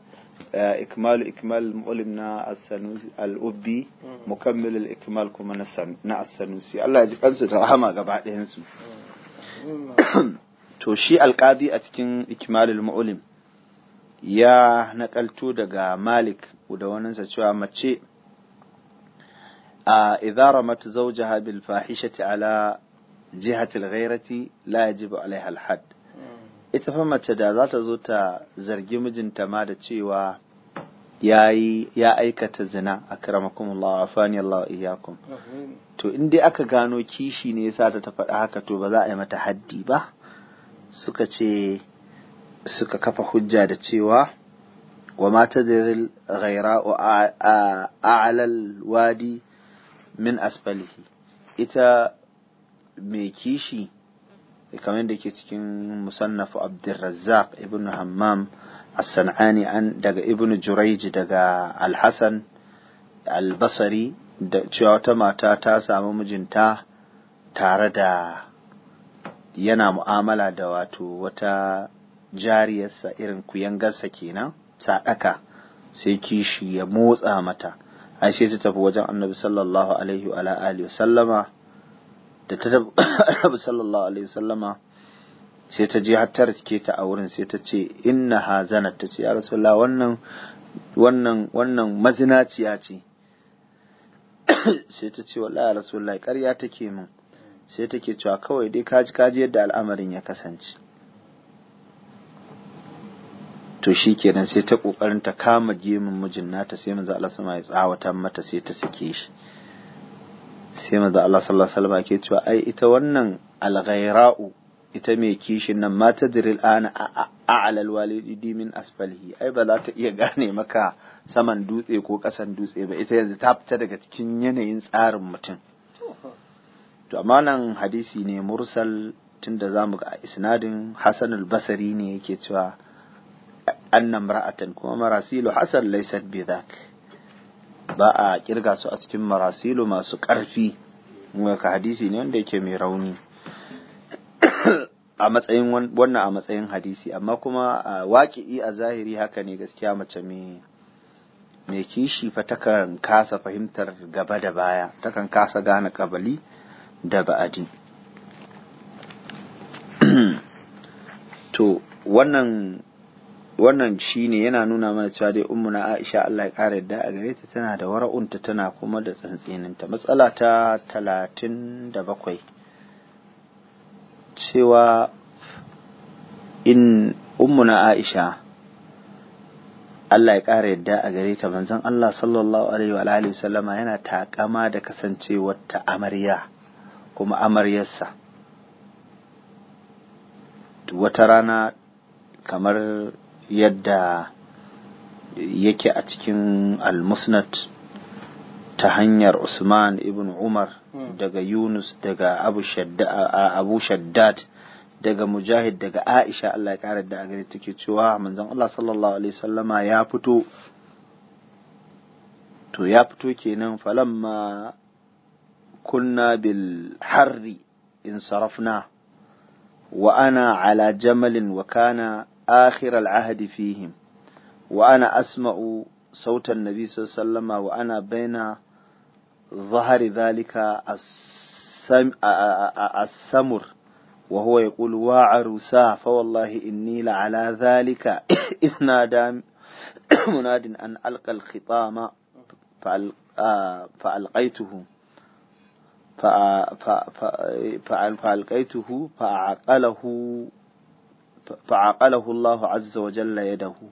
ikmal ikmal al na as-sanusi al-ubbi mukammil al kuma na as Allah ji kansu da rahama gaba ɗayan to shi al-qadi a cikin ikmal al-mu'lim ya nakalto daga Malik da waninsa cewa mace a idara mata zaujaha bil fahishati ala jihatil ghairati la yajibu alaiha ita fa mace da za ta zo ta zargi mijinta ma da cewa ya yi ya aikata zina a karamakumullah a fani Allah iyakum to in dai aka gano kishi ne yasa ta faɗa haka to ba za a yi mata haddi ba suka ce suka kafa hujja da cewa wa ma tadril a a'lal wadi min asfalihi ita mai kishi kamar da ke cikin musannaf abdurrazzaq ibn hammam as-san'ani an daga ibn jurayj daga al-hasan al-basri da cewa wata mata ta samu mijinta tare da yana mu'amala da wato wata jariyarsa irin kuyangarsa kenan sadaka sai kishi ya motsa mata ai sai ta tafi wajen annabi sallallahu alaihi wa alihi da ta rabu sallallahu alaihi sallama sai ta je har ta rike ta a wurin sai ta ce inna hazana ta ce ya rasulullah wannan wannan wannan mazinaciya ce sai ta ce wallahi ya rasulullah ƙarya take min sai take cewa kawai dai kaji kaji yadda al'amarin ya kasance to shi kenan sai ta kokarin ta kama gemun mijin nata sai manzo Allah sama ya tsawata mata sai ta sake shi sai maza Allah sallallahu alaihi wasallam ke cewa ai ita wannan algairau ita mai kishin nan ma ta diril ana a'ala alwalidi min asfalihi ai ba za ta iya gane maka saman dutse ko kasan dutse ba ita yanzu ta fita daga cikin yanayin tsarin mutum to amma nan hadisi ne mursal tunda zamu ga isnadin Hasan al-Basri ne yake cewa annam ra'atan kuma marasilu Hasan laysat bi dhak Ba a kirga su a cikin marasilu masu ƙarfi ka hadisi ne wanda yake mai rauni a matsayin wannan a matsayin hadisi amma kuma waƙi'i a zahiri haka ne gaskiya mace mai kishi fa takan kasa fahimtar gaba da baya takan kasa gane ƙabali da ba'adi to wannan wannan shi ne yana nuna mana cewa dai na Aisha Allah ya kare da a gare ta tana da wara'unta tana kuma da tsantsininta matsala ta talatin da bakwai cewa in na Aisha Allah ya kare yadda a gare ta manzon Allah sallallahu alaihi wa alihi yana taƙama da kasancewar ta amarya kuma amaryarsa wata rana kamar yadda yake a cikin al ta hanyar Usman ibn Umar hmm. daga Yunus daga Abu Shaddad daga Mujahid daga Aisha Allah ya kara da gare take cewa manzon Allah sallallahu alaihi sallama ya fito to ya fito kenan falamma kunna bil harri in sarafna wa ana ala jamalin wa kana آخر العهد فيهم وأنا أسمع صوت النبي صلى الله عليه وسلم وأنا بين ظهر ذلك السمر وهو يقول وعروسا فوالله إني لعلى ذلك إذ نادى مناد أن ألقى الخطام فألقيته فألقيته فأعقله fa’aƙalahu Allah azza wa jalla dahu.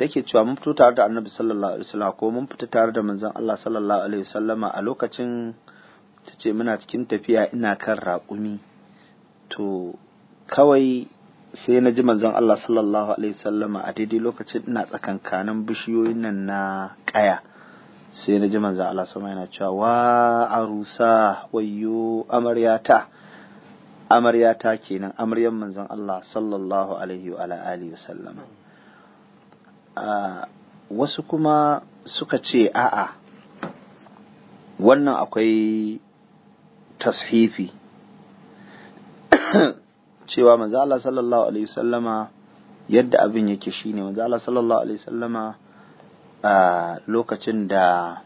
take cewa mun fito tare da Annabi sallallahu alaihi wasallam ko mun fita tare da manzon Allah sallallahu alaihi wasallama a lokacin ta ce muna cikin tafiya ina kan raƙumi to kawai sai na ji manzon Allah sallallahu alaihi wasallama a daidai lokacin ina tsakankanin bishiyoyin nan na ƙaya sai na ji manzan Allah sama yana cewa wa arusa wayyo amaryata amaryata kenan amaryan manzon Allah sallallahu alaihi wa alihi sallama wasu kuma suka ce a'a wannan akwai tashifi cewa manzo Allah sallallahu alaihi sallama yadda abin yake shine manzo Allah sallallahu alaihi sallama a lokacin da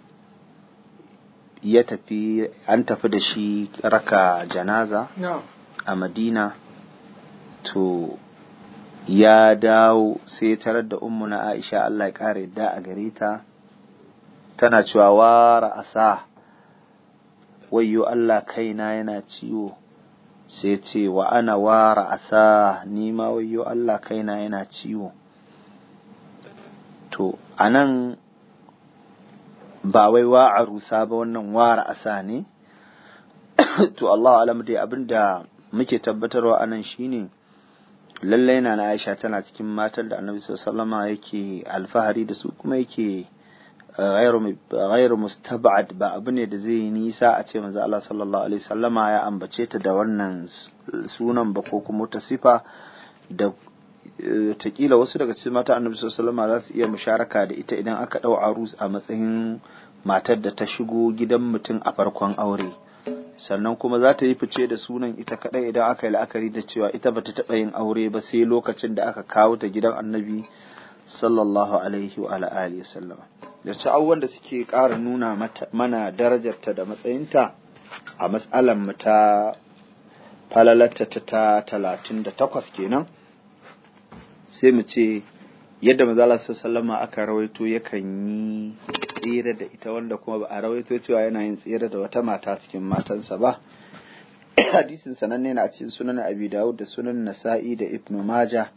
ya tafi an tafi da shi raka janaza no. a madina to ya dawo sai tarar da ummu na aisha allah ya ƙara yadda a gare ta tana cewa wara asa wayo allah kaina yana ciwo sai ce wa ana wara asa ni ma allah kaina yana ciwo to anan ba wai wa arusa ba wannan wara asa ne to allah alam dai abinda muke tabbatarwa a nan shi ne lallai na Aisha tana cikin matar da Annabi sallama yake alfahari da su kuma yake eh, gairu mustab'ad ba abu ne da zai nisa a ce manzo Allah sallallahu alaihi sallama ya ambace ta da wannan sunan ba ko kuma ta sifa da eh, takila wasu daga cikin mata Annabi sallallahu alaihi za su iya musharaka da ita idan aka dau arus a matsayin matar da ta shigo gidan mutum a farkon aure sannan kuma za ta yi fice da sunan ita kaɗai idan aka yi la'akari da cewa ita bata taɓa yin aure ba sai lokacin da aka kawo ta gidan annabi sallallahu alaihi wa alihi sallama da ta'awwan da suke ƙara nuna mana darajarta da matsayinta a matsalan ta falalata ta talatin da takwas kenan sai mu ce yadda manzala sallama aka rawaito yakan yi tsira da ita wanda kuma ba a rawaito cewa yana yin tsira da wata mata cikin matansa ba hadisin sananne na cikin sunan abi dawud da sunan nasa'i da ibnu maja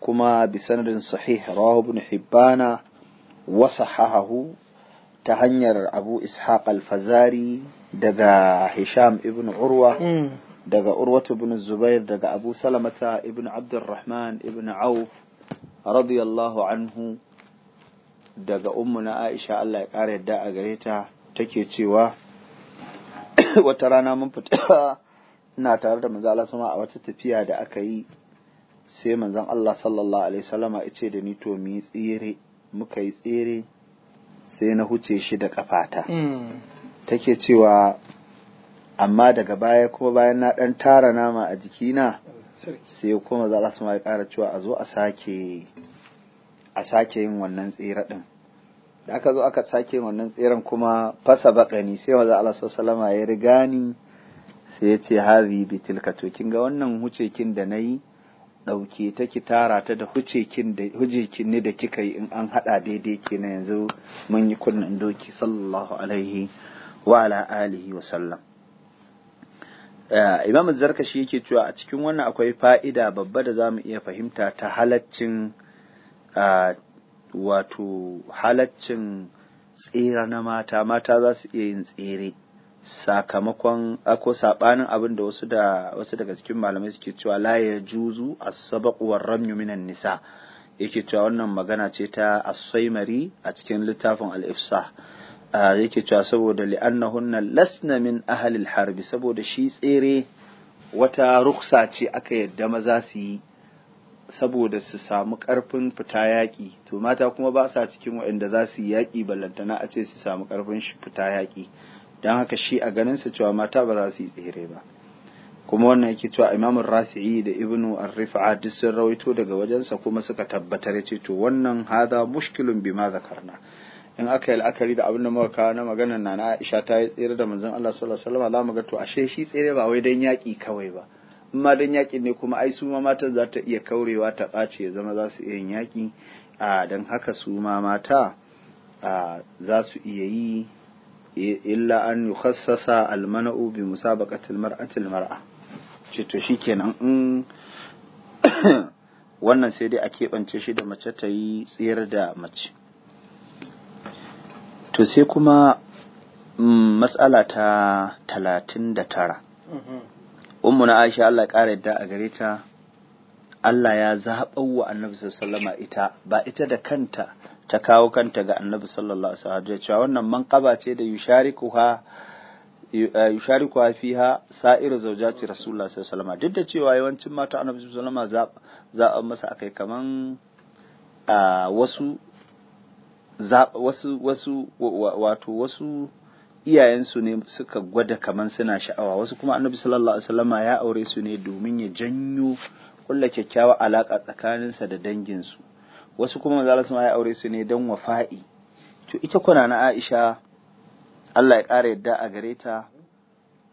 kuma bi sanadin sahih rawahu ibn hibbana wa sahahahu ta hanyar abu ishaq al-fazari daga hisham ibn urwa hmm. daga urwatu ibn zubair daga abu salamata ibn abdurrahman ibn auf radiyallahu anhu daga ummu na Aisha Allah ya ƙara yadda a gare ta take cewa wata rana mun fita ina tare da manzo Allah sama a wata tafiya da aka yi sai manzon Allah sallallahu alaihi wasallama ya ce da ni to mu yi tsere muka yi tsere sai na huce shi da kafata hmm. take cewa amma daga baya kuma bayan na dan tara nama a jikina sai kuma za a ya ƙara cewa a zo a sake a sake yin wannan tsira din da aka zo aka sake yin wannan tseren kuma fasa bakani sai maza Allah sallama ya riga ni sai ya ce hazi bi tilka to kin ga wannan hucekin da nayi ɗauke ta ki tara ta da hucekin da ne da kika yi in an haɗa daidai kenan yanzu mun yi kunnan doki sallallahu alaihi wa ala alihi wa sallam eh, Imam Zarkashi yake cewa a cikin wannan akwai fa'ida babba da zamu iya fahimta ta halaccin wato halaccin tsira na mata mata za su iya yin tsere sakamakon ako sabanin abin da wasu da wasu daga cikin malamai suke cewa la ya juzu as sabaqu war ramyu minan nisa yake cewa wannan magana ce ta as-saimari a cikin littafin al-ifsah yake cewa saboda annahunna lasna min ahli al-harbi saboda shi tsere wata ruksa ce aka yadda maza su yi saboda su samu ƙarfin fita yaƙi to mata kuma ba sa cikin waɗanda za su yi yaƙi ballantana a ce su samu ƙarfin fita yaƙi don haka shi a ganin su cewa mata ba za su yi tsere ba kuma wannan yake cewa imamun rafi'i da ibnu ar duk sun rawaito daga wajen sa kuma suka tabbatar ce to wannan hada mushkilun bima zakarna in aka yi la'akari da abin da muka kawo na maganar nana Aisha ta yi tsere da manzon Allah sallallahu alaihi wasallam za mu ga to ashe shi tsere ba wai dan yaƙi kawai ba amma dan yakin ne kuma ai su ma mata za ta iya kaurewa ta ɓace ya zama za su iya yin yaƙi a don haka su ma mata a za su iya yi illa an yukhassasa almana'u bi musabaqatil mar'atil mar'a ce to shikenan in wannan sai dai a keɓance shi da mace ta yi tsayar da mace to sai kuma mm, matsala ta talatin da tara mm-hmm. ummu na aisha Allah ƙara yadda a gare ta Allah ya zaɓar wa annabi sallama ita ba ita da kanta ta kawo kanta ga annabi sallallahu alaihi wasallam cewa wannan manqaba ce da yusharikuha eh, yusharikuha ha sa'iru zaujaci rasulullah sallallahu alaihi wasallam duk da cewa yawancin mata annabi sallallahu alaihi wasallam zaɓa masa akai kaman ah, wasu wasu wasu wato wasu iyayensu ne suka gwada kaman suna sha'awa wasu kuma annabi sallallahu alaihi wasallama ya aure su ne domin ya janyo kulla kyakkyawa alaka tsakaninsa da danginsu wasu kuma manzo Allah ya aure su ne don wafa'i to ita kuna na Aisha Allah ya ƙara yadda a gare ta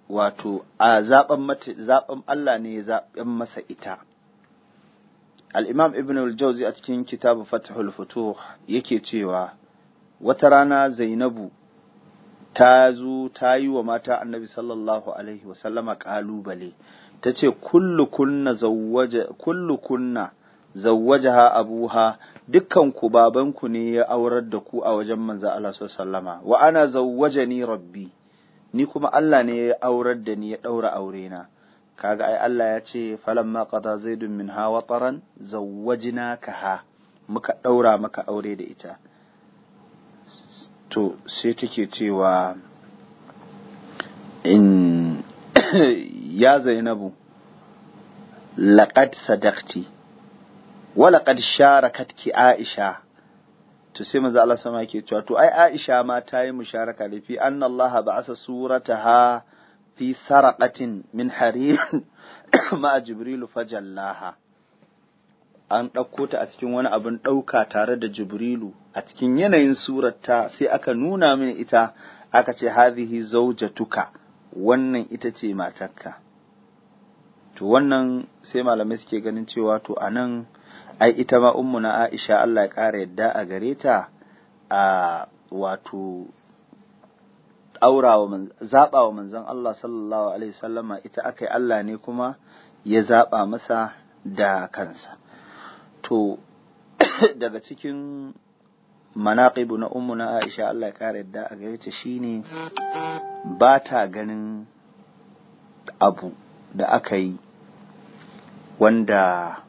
wato a zaben mata zaben Allah ne ya zaben masa ita al-Imam Ibn al-Jawzi a cikin kitabu Fathul Futuh yake cewa wata rana Zainabu ta zo ta yi wa mata annabi sallallahu alaihi wasallama ƙalubale ta ce kullu kunna zawwaja ha abuha dukkanku babanku ne ya aurar da ku a wajen manzo Allah sallama wa ana zawwaja ni rabbi ni kuma Allah ne ya aurar da ni ya ɗaura aure na kaga ai Allah ya ce falamma qada zaidun min ha wataran ka ha muka ɗaura maka aure da ita to sai take cewa in ya zainabu laƙad sadakti wa laƙad sharakatki aisha to sai manzo Allah sama yake cewa to ai aisha ma ta yi musharaka da fi anna Allah ba'asa ha fi saraqatin min harir ma'a jibrilu fajallaha an ɗauko ta a cikin wani abin ɗauka tare da Jibrilu a cikin yanayin surata, sai aka nuna mini ita aka ce hadhihi zaujatuka wannan ita ce matarka to wannan sai malamai suke ganin cewa to anan ai ita ma ummu na Aisha Allah ya ƙara yadda a gare ta a wato aurawa zaɓa wa manzon Allah sallallahu alaihi wasallama ita akai Allah ne kuma ya zaɓa masa da kansa to daga cikin manaƙibu na ummu na Aisha Allah ya kare yadda a gare ta shine ba ta ganin abu da aka yi wanda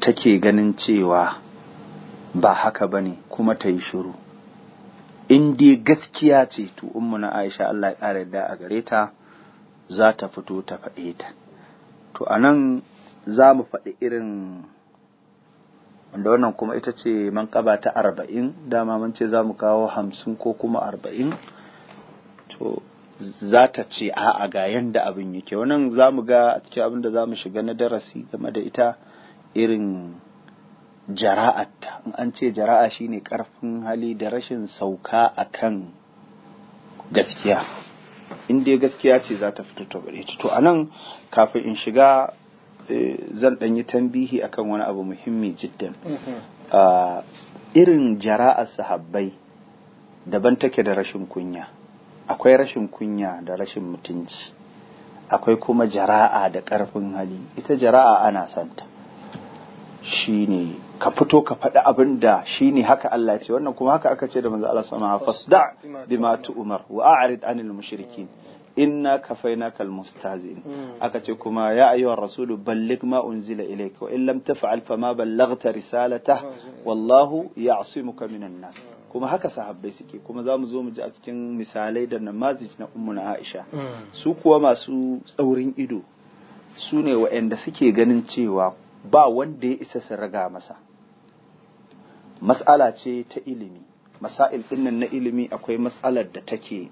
take ganin cewa ba haka ba ne kuma ta yi shiru in dai gaskiya ce to ummu na Aisha Allah ya kare yadda a gare ta za ta fito ta faɗe ta to anan za mu faɗi irin wanda wannan kuma ita ce man ƙaba ta arba'in dama mun ce za mu kawo hamsin ko kuma arba'in to za ta ce a'a ga yadda abin yake wannan za mu ga a cikin abin da za mu shiga na darasi game da ita irin jara'atta in an ce jara'a shine karfin hali da rashin sauka a kan gaskiya in gaskiya ce za ta fito ta gare ta to anan kafin in shiga Eh, zan ɗan yi tambihi akan wani abu muhimmi jiddan mhm. ah, irin jara'ar sahabbai daban take da rashin kunya akwai rashin kunya da rashin mutunci akwai kuma jara'a da ƙarfin hali ita jara'a ana santa shine ka fito ka faɗi abin da shine haka Allah ce wannan kuma haka aka ce da manzo Allah sama fasda bima tu'mar wa a'rid anil mushrikin inna kafainaka almustahzi'in hmm. aka ce kuma ya yawan rasulu balligh ma unzila ilayka wa in lam taf'al fama ballaghta risalata hmm. wallahu ya'simuka minan nas kuma haka sahabbai suke kuma za mu zo mu ji a cikin misalai da namazij na na Aisha hmm. su kuwa masu tsaurin ido su ne waɗanda suke ganin cewa ba wanda ya isa su raga masa mas'ala ce ta ilimi masa'il ɗinnan na ilimi akwai mas'alar da take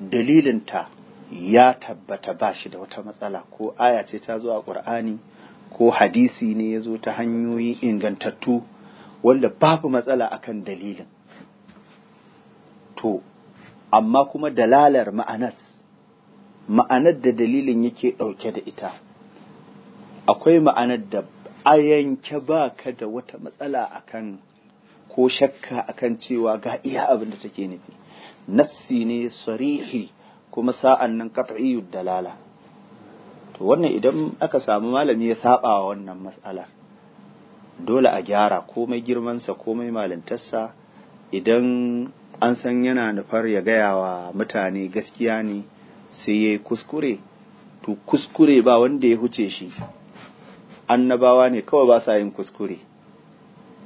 dalilinta ya tabbata ba shi da wata matsala ko aya ce ta zo a ƙur'ani ko hadisi ne ya zo ta hanyoyi ingantattu wanda babu matsala akan dalilin to amma kuma dalalar ma'anas ma'anar da dalilin yake ɗauke da ita akwai ma'anar da a yanke ba ka da wata matsala akan ko shakka akan cewa ga iya abin da take nufi nassi ne sarihi kuma sa'an nan qat'iyyud dalala to wannan idan aka samu malami ya saba wa wannan matsala dole a gyara komai girmansa komai malintarsa idan an san yana nufar ya gaya wa mutane gaskiya ne sai ya kuskure to kuskure ba wanda ya huce shi annabawa ne kawai ba sa yin kuskure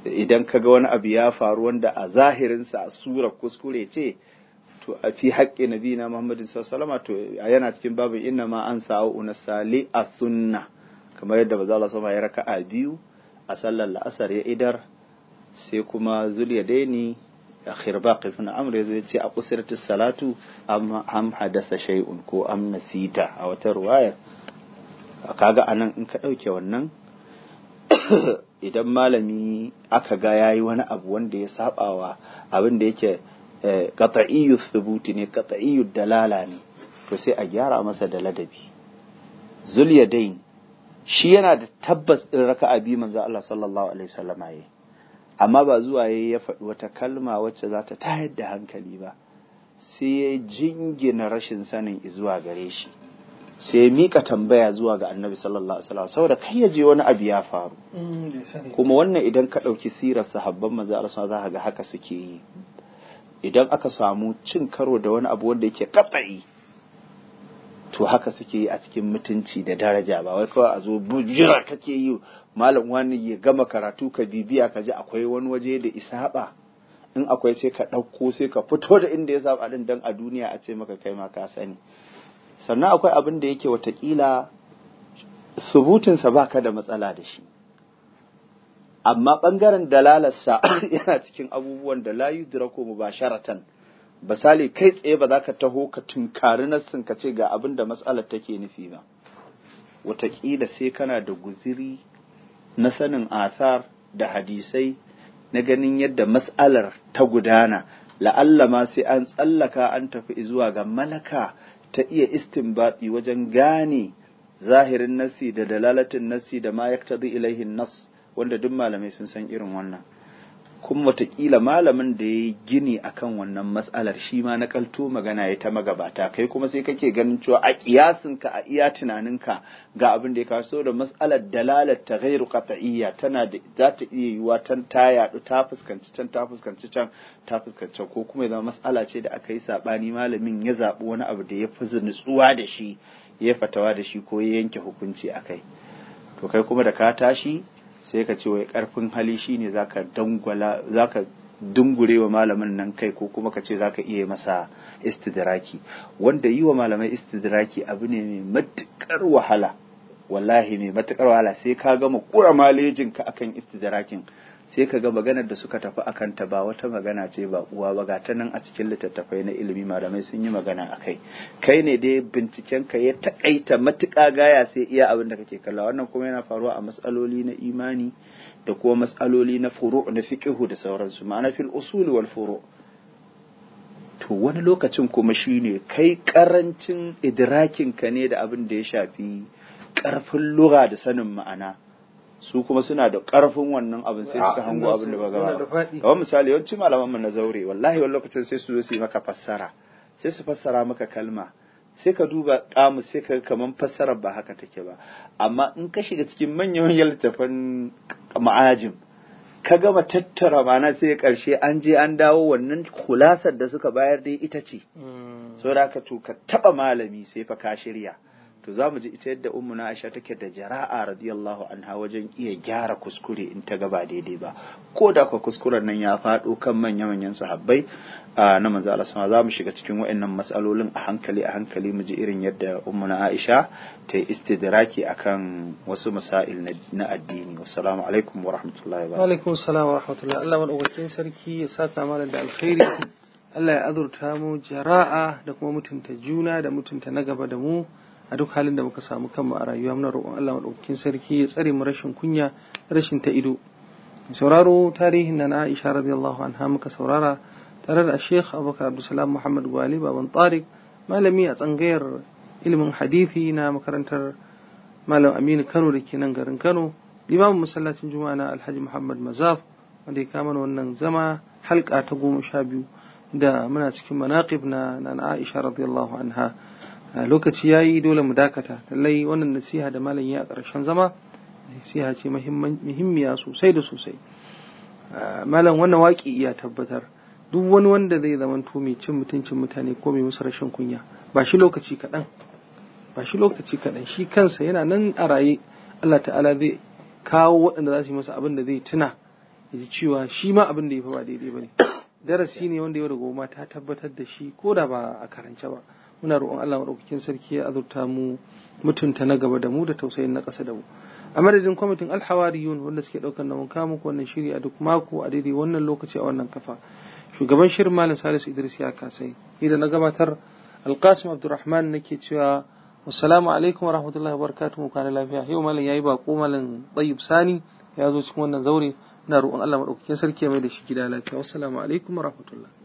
idan ka ga wani abu ya faru wanda a zahirinsa a sura kuskure ce to a fi haƙƙi na Muhammadin sallallahu to yana cikin babu inna ma an sa'u sali a sunna kamar yadda ba za a ya a biyu a sallar la'asar ya idar sai kuma zulya daini a kafin ibn amr ya ce a kusurta salatu amma am hadasa shay'un ko am nasita a wata ruwaya kaga anan in ka ɗauke wannan idan malami aka ga yayi wani abu wanda ya saɓawa abin da yake Eh, qat'iyyus thubuti ne qat'iyyud dalala ne to sai a gyara masa da ladabi zulyadain shi yana da tabbas din raka'a bi manzo Allah sallallahu alaihi wasallama yi amma ba zuwa yayi ya faɗi wata kalma wacce za ta tayar da hankali ba sai ya jingina rashin sanin zuwa gare shi sai ya mika tambaya zuwa ga annabi sallallahu alaihi wasallam saboda kai ya je wani abu ya faru mm, kuma wannan idan ka ɗauki sirar sahabban manzo Allah za ka ga haka suke yi idan aka samu cin karo da wani abu wanda yake katsayi to haka suke yi a cikin mutunci da daraja ba wai kawai a zo bujira kake yi malam wani ya gama karatu ka bibiya ka ji akwai wani waje da isaba in akwai sai ka ɗauko sai ka fito da inda ya saba din dan a duniya a ce maka kai ma ka sani sannan akwai abin da yake watakila subutinsa baka da matsala da shi amma ɓangaren dalalarsa yana cikin abubuwan da la yudraku mubasharatan basali kai tsaye ba za ka taho ka tunkari nassin ka ce ga abin da matsalar take nufi ba wataƙila sai kana da guziri na sanin athar da hadisai na ganin yadda matsalar ta gudana la'alla ma sai an tsallaka an tafi zuwa ga malaka ta iya istinbati wajen gane zahirin nasi da dalalatin nasi da ma yaktadi ilaihin nas wanda duk malamai sun san irin wannan kuma watakila malamin da ya yi gini akan wannan matsalar shi ma na kalto magana ya ta magabata kai kuma sai kake ganin cewa a ka a iya tunaninka ga abin da ya kawo da matsalar dalalar ta gairu qat'iyya tana da za ta iya yiwa tan ta yadu ta fuskanci can ta fuskanci can ta fuskanci ko kuma zama matsala ce da aka yi saɓani malamin ya zaɓi wani abu da ya fi nutsuwa da shi ya fatawa da shi ko ya yanke hukunci akai to kai kuma da ka tashi sai ka ce wai ƙarfin hali shine zaka dangwala zaka dungure wa malamin nan kai ko kuma ka ce zaka iya masa istidraki wanda yi wa malamai istidraki abu ne mai matuƙar wahala wallahi mai matukar wahala sai ka gama kura malejinka akan istidrakin sai ka ga maganar da suka tafi a kanta ba wata magana ce ba uwa ba ga ta nan a cikin littattafai na ilimi malamai sun yi magana a kai kai ne dai binciken ka ya takaita matuƙa gaya sai iya abin da kake kalla wannan kuma yana faruwa a matsaloli na imani da kuma matsaloli na furu na fiqhu da sauransu ma'ana fil usul wal furu to wani lokacin kuma shine kai karancin idrakin ka ne da abin da ya shafi karfin lura da sanin ma'ana su kuma suna da ƙarfin wannan abin sai suka ah, hango abin da ba gaba kamar misali yawanci malaman mu na zaure wallahi wani lokacin sai su zo su yi maka fassara sai su fassara maka kalma sai ka duba kamus sai ka kamar fassarar ba haka take ba amma in ka shiga cikin manyan yaltafan ma'ajim ka gama tattara mana sai karshe an je an dawo wannan kulasar da suka bayar dai ita ce hmm. saboda ka to ka taba malami sai fa ka shirya to za mu ji ita yadda ummu na aisha take da jara'a radiyallahu anha wajen iya gyara kuskure in ta gaba daidai ba ko da kwa kuskuren nan ya faɗo kan manya manyan sahabbai na manzo Allah sama za mu shiga cikin wa'annan mas'alolin a hankali a hankali mu ji irin yadda ummu na aisha ta yi istidraki akan wasu masail na addini assalamu alaikum wa rahmatullahi wa alaikum assalam wa rahmatullahi Allah ubakin sarki ya saka mana da alkhairi Allah ya azurta mu jara'a da kuma mutunta juna da mutunta na gaba da mu a duk halin da muka samu kanmu a rayuwa muna roƙon Allah maɗaukakin sarki ya tsare mu rashin kunya rashin ta ido sauraro tarihin na Aisha radiyallahu anha muka saurara tare da Sheikh Abubakar Abdulsalam Muhammad Gwali baban Tariq malami a tsangayar ilimin hadisi na makarantar Malam Aminu Kano da ke nan garin Kano limamin masallacin Juma'a na Alhaji Muhammad Mazaf wanda ya kama wannan zama halka ta goma sha biyu da muna cikin manaqib na Aisha radiyallahu anha lokaci ya yi dole mu dakata lallai wannan nasiha da malam ya a ƙarshen zama nasiha ce muhimmiya sosai da sosai malam wannan waki ya tabbatar duk wani wanda zai zamanto mai cin mutuncin mutane ko mai musu rashin kunya ba shi lokaci kaɗan ba shi lokaci kaɗan shi kansa yana nan a raye Allah ta'ala zai kawo waɗanda za su yi masa abin da zai tuna ya cewa shi ma abin da ya fi ba daidai ba ne darasi ne wanda yau da gobe ta tabbatar da shi ko da ba a karance ba muna roƙon Allah maɗaukakin sarki ya azurta mu mutunta na gaba da mu da tausayin na ƙasa da mu a madadin kwamitin alhawariyun wanda suke ɗaukar nauyin kamun wannan shiri a duk mako a daidai wannan lokaci a wannan kafa shugaban shirin malam salisu idris ya kasai ni da na gabatar alkasim abdurrahman nake cewa assalamu alaikum wa rahmatullahi wa barakatuhu kana lafiya yau malam yayi bako malam tsayib sani ya zo cikin wannan zaure ina roƙon Allah madaukakin sarki mai da shi gida lafiya assalamu alaikum wa rahmatullahi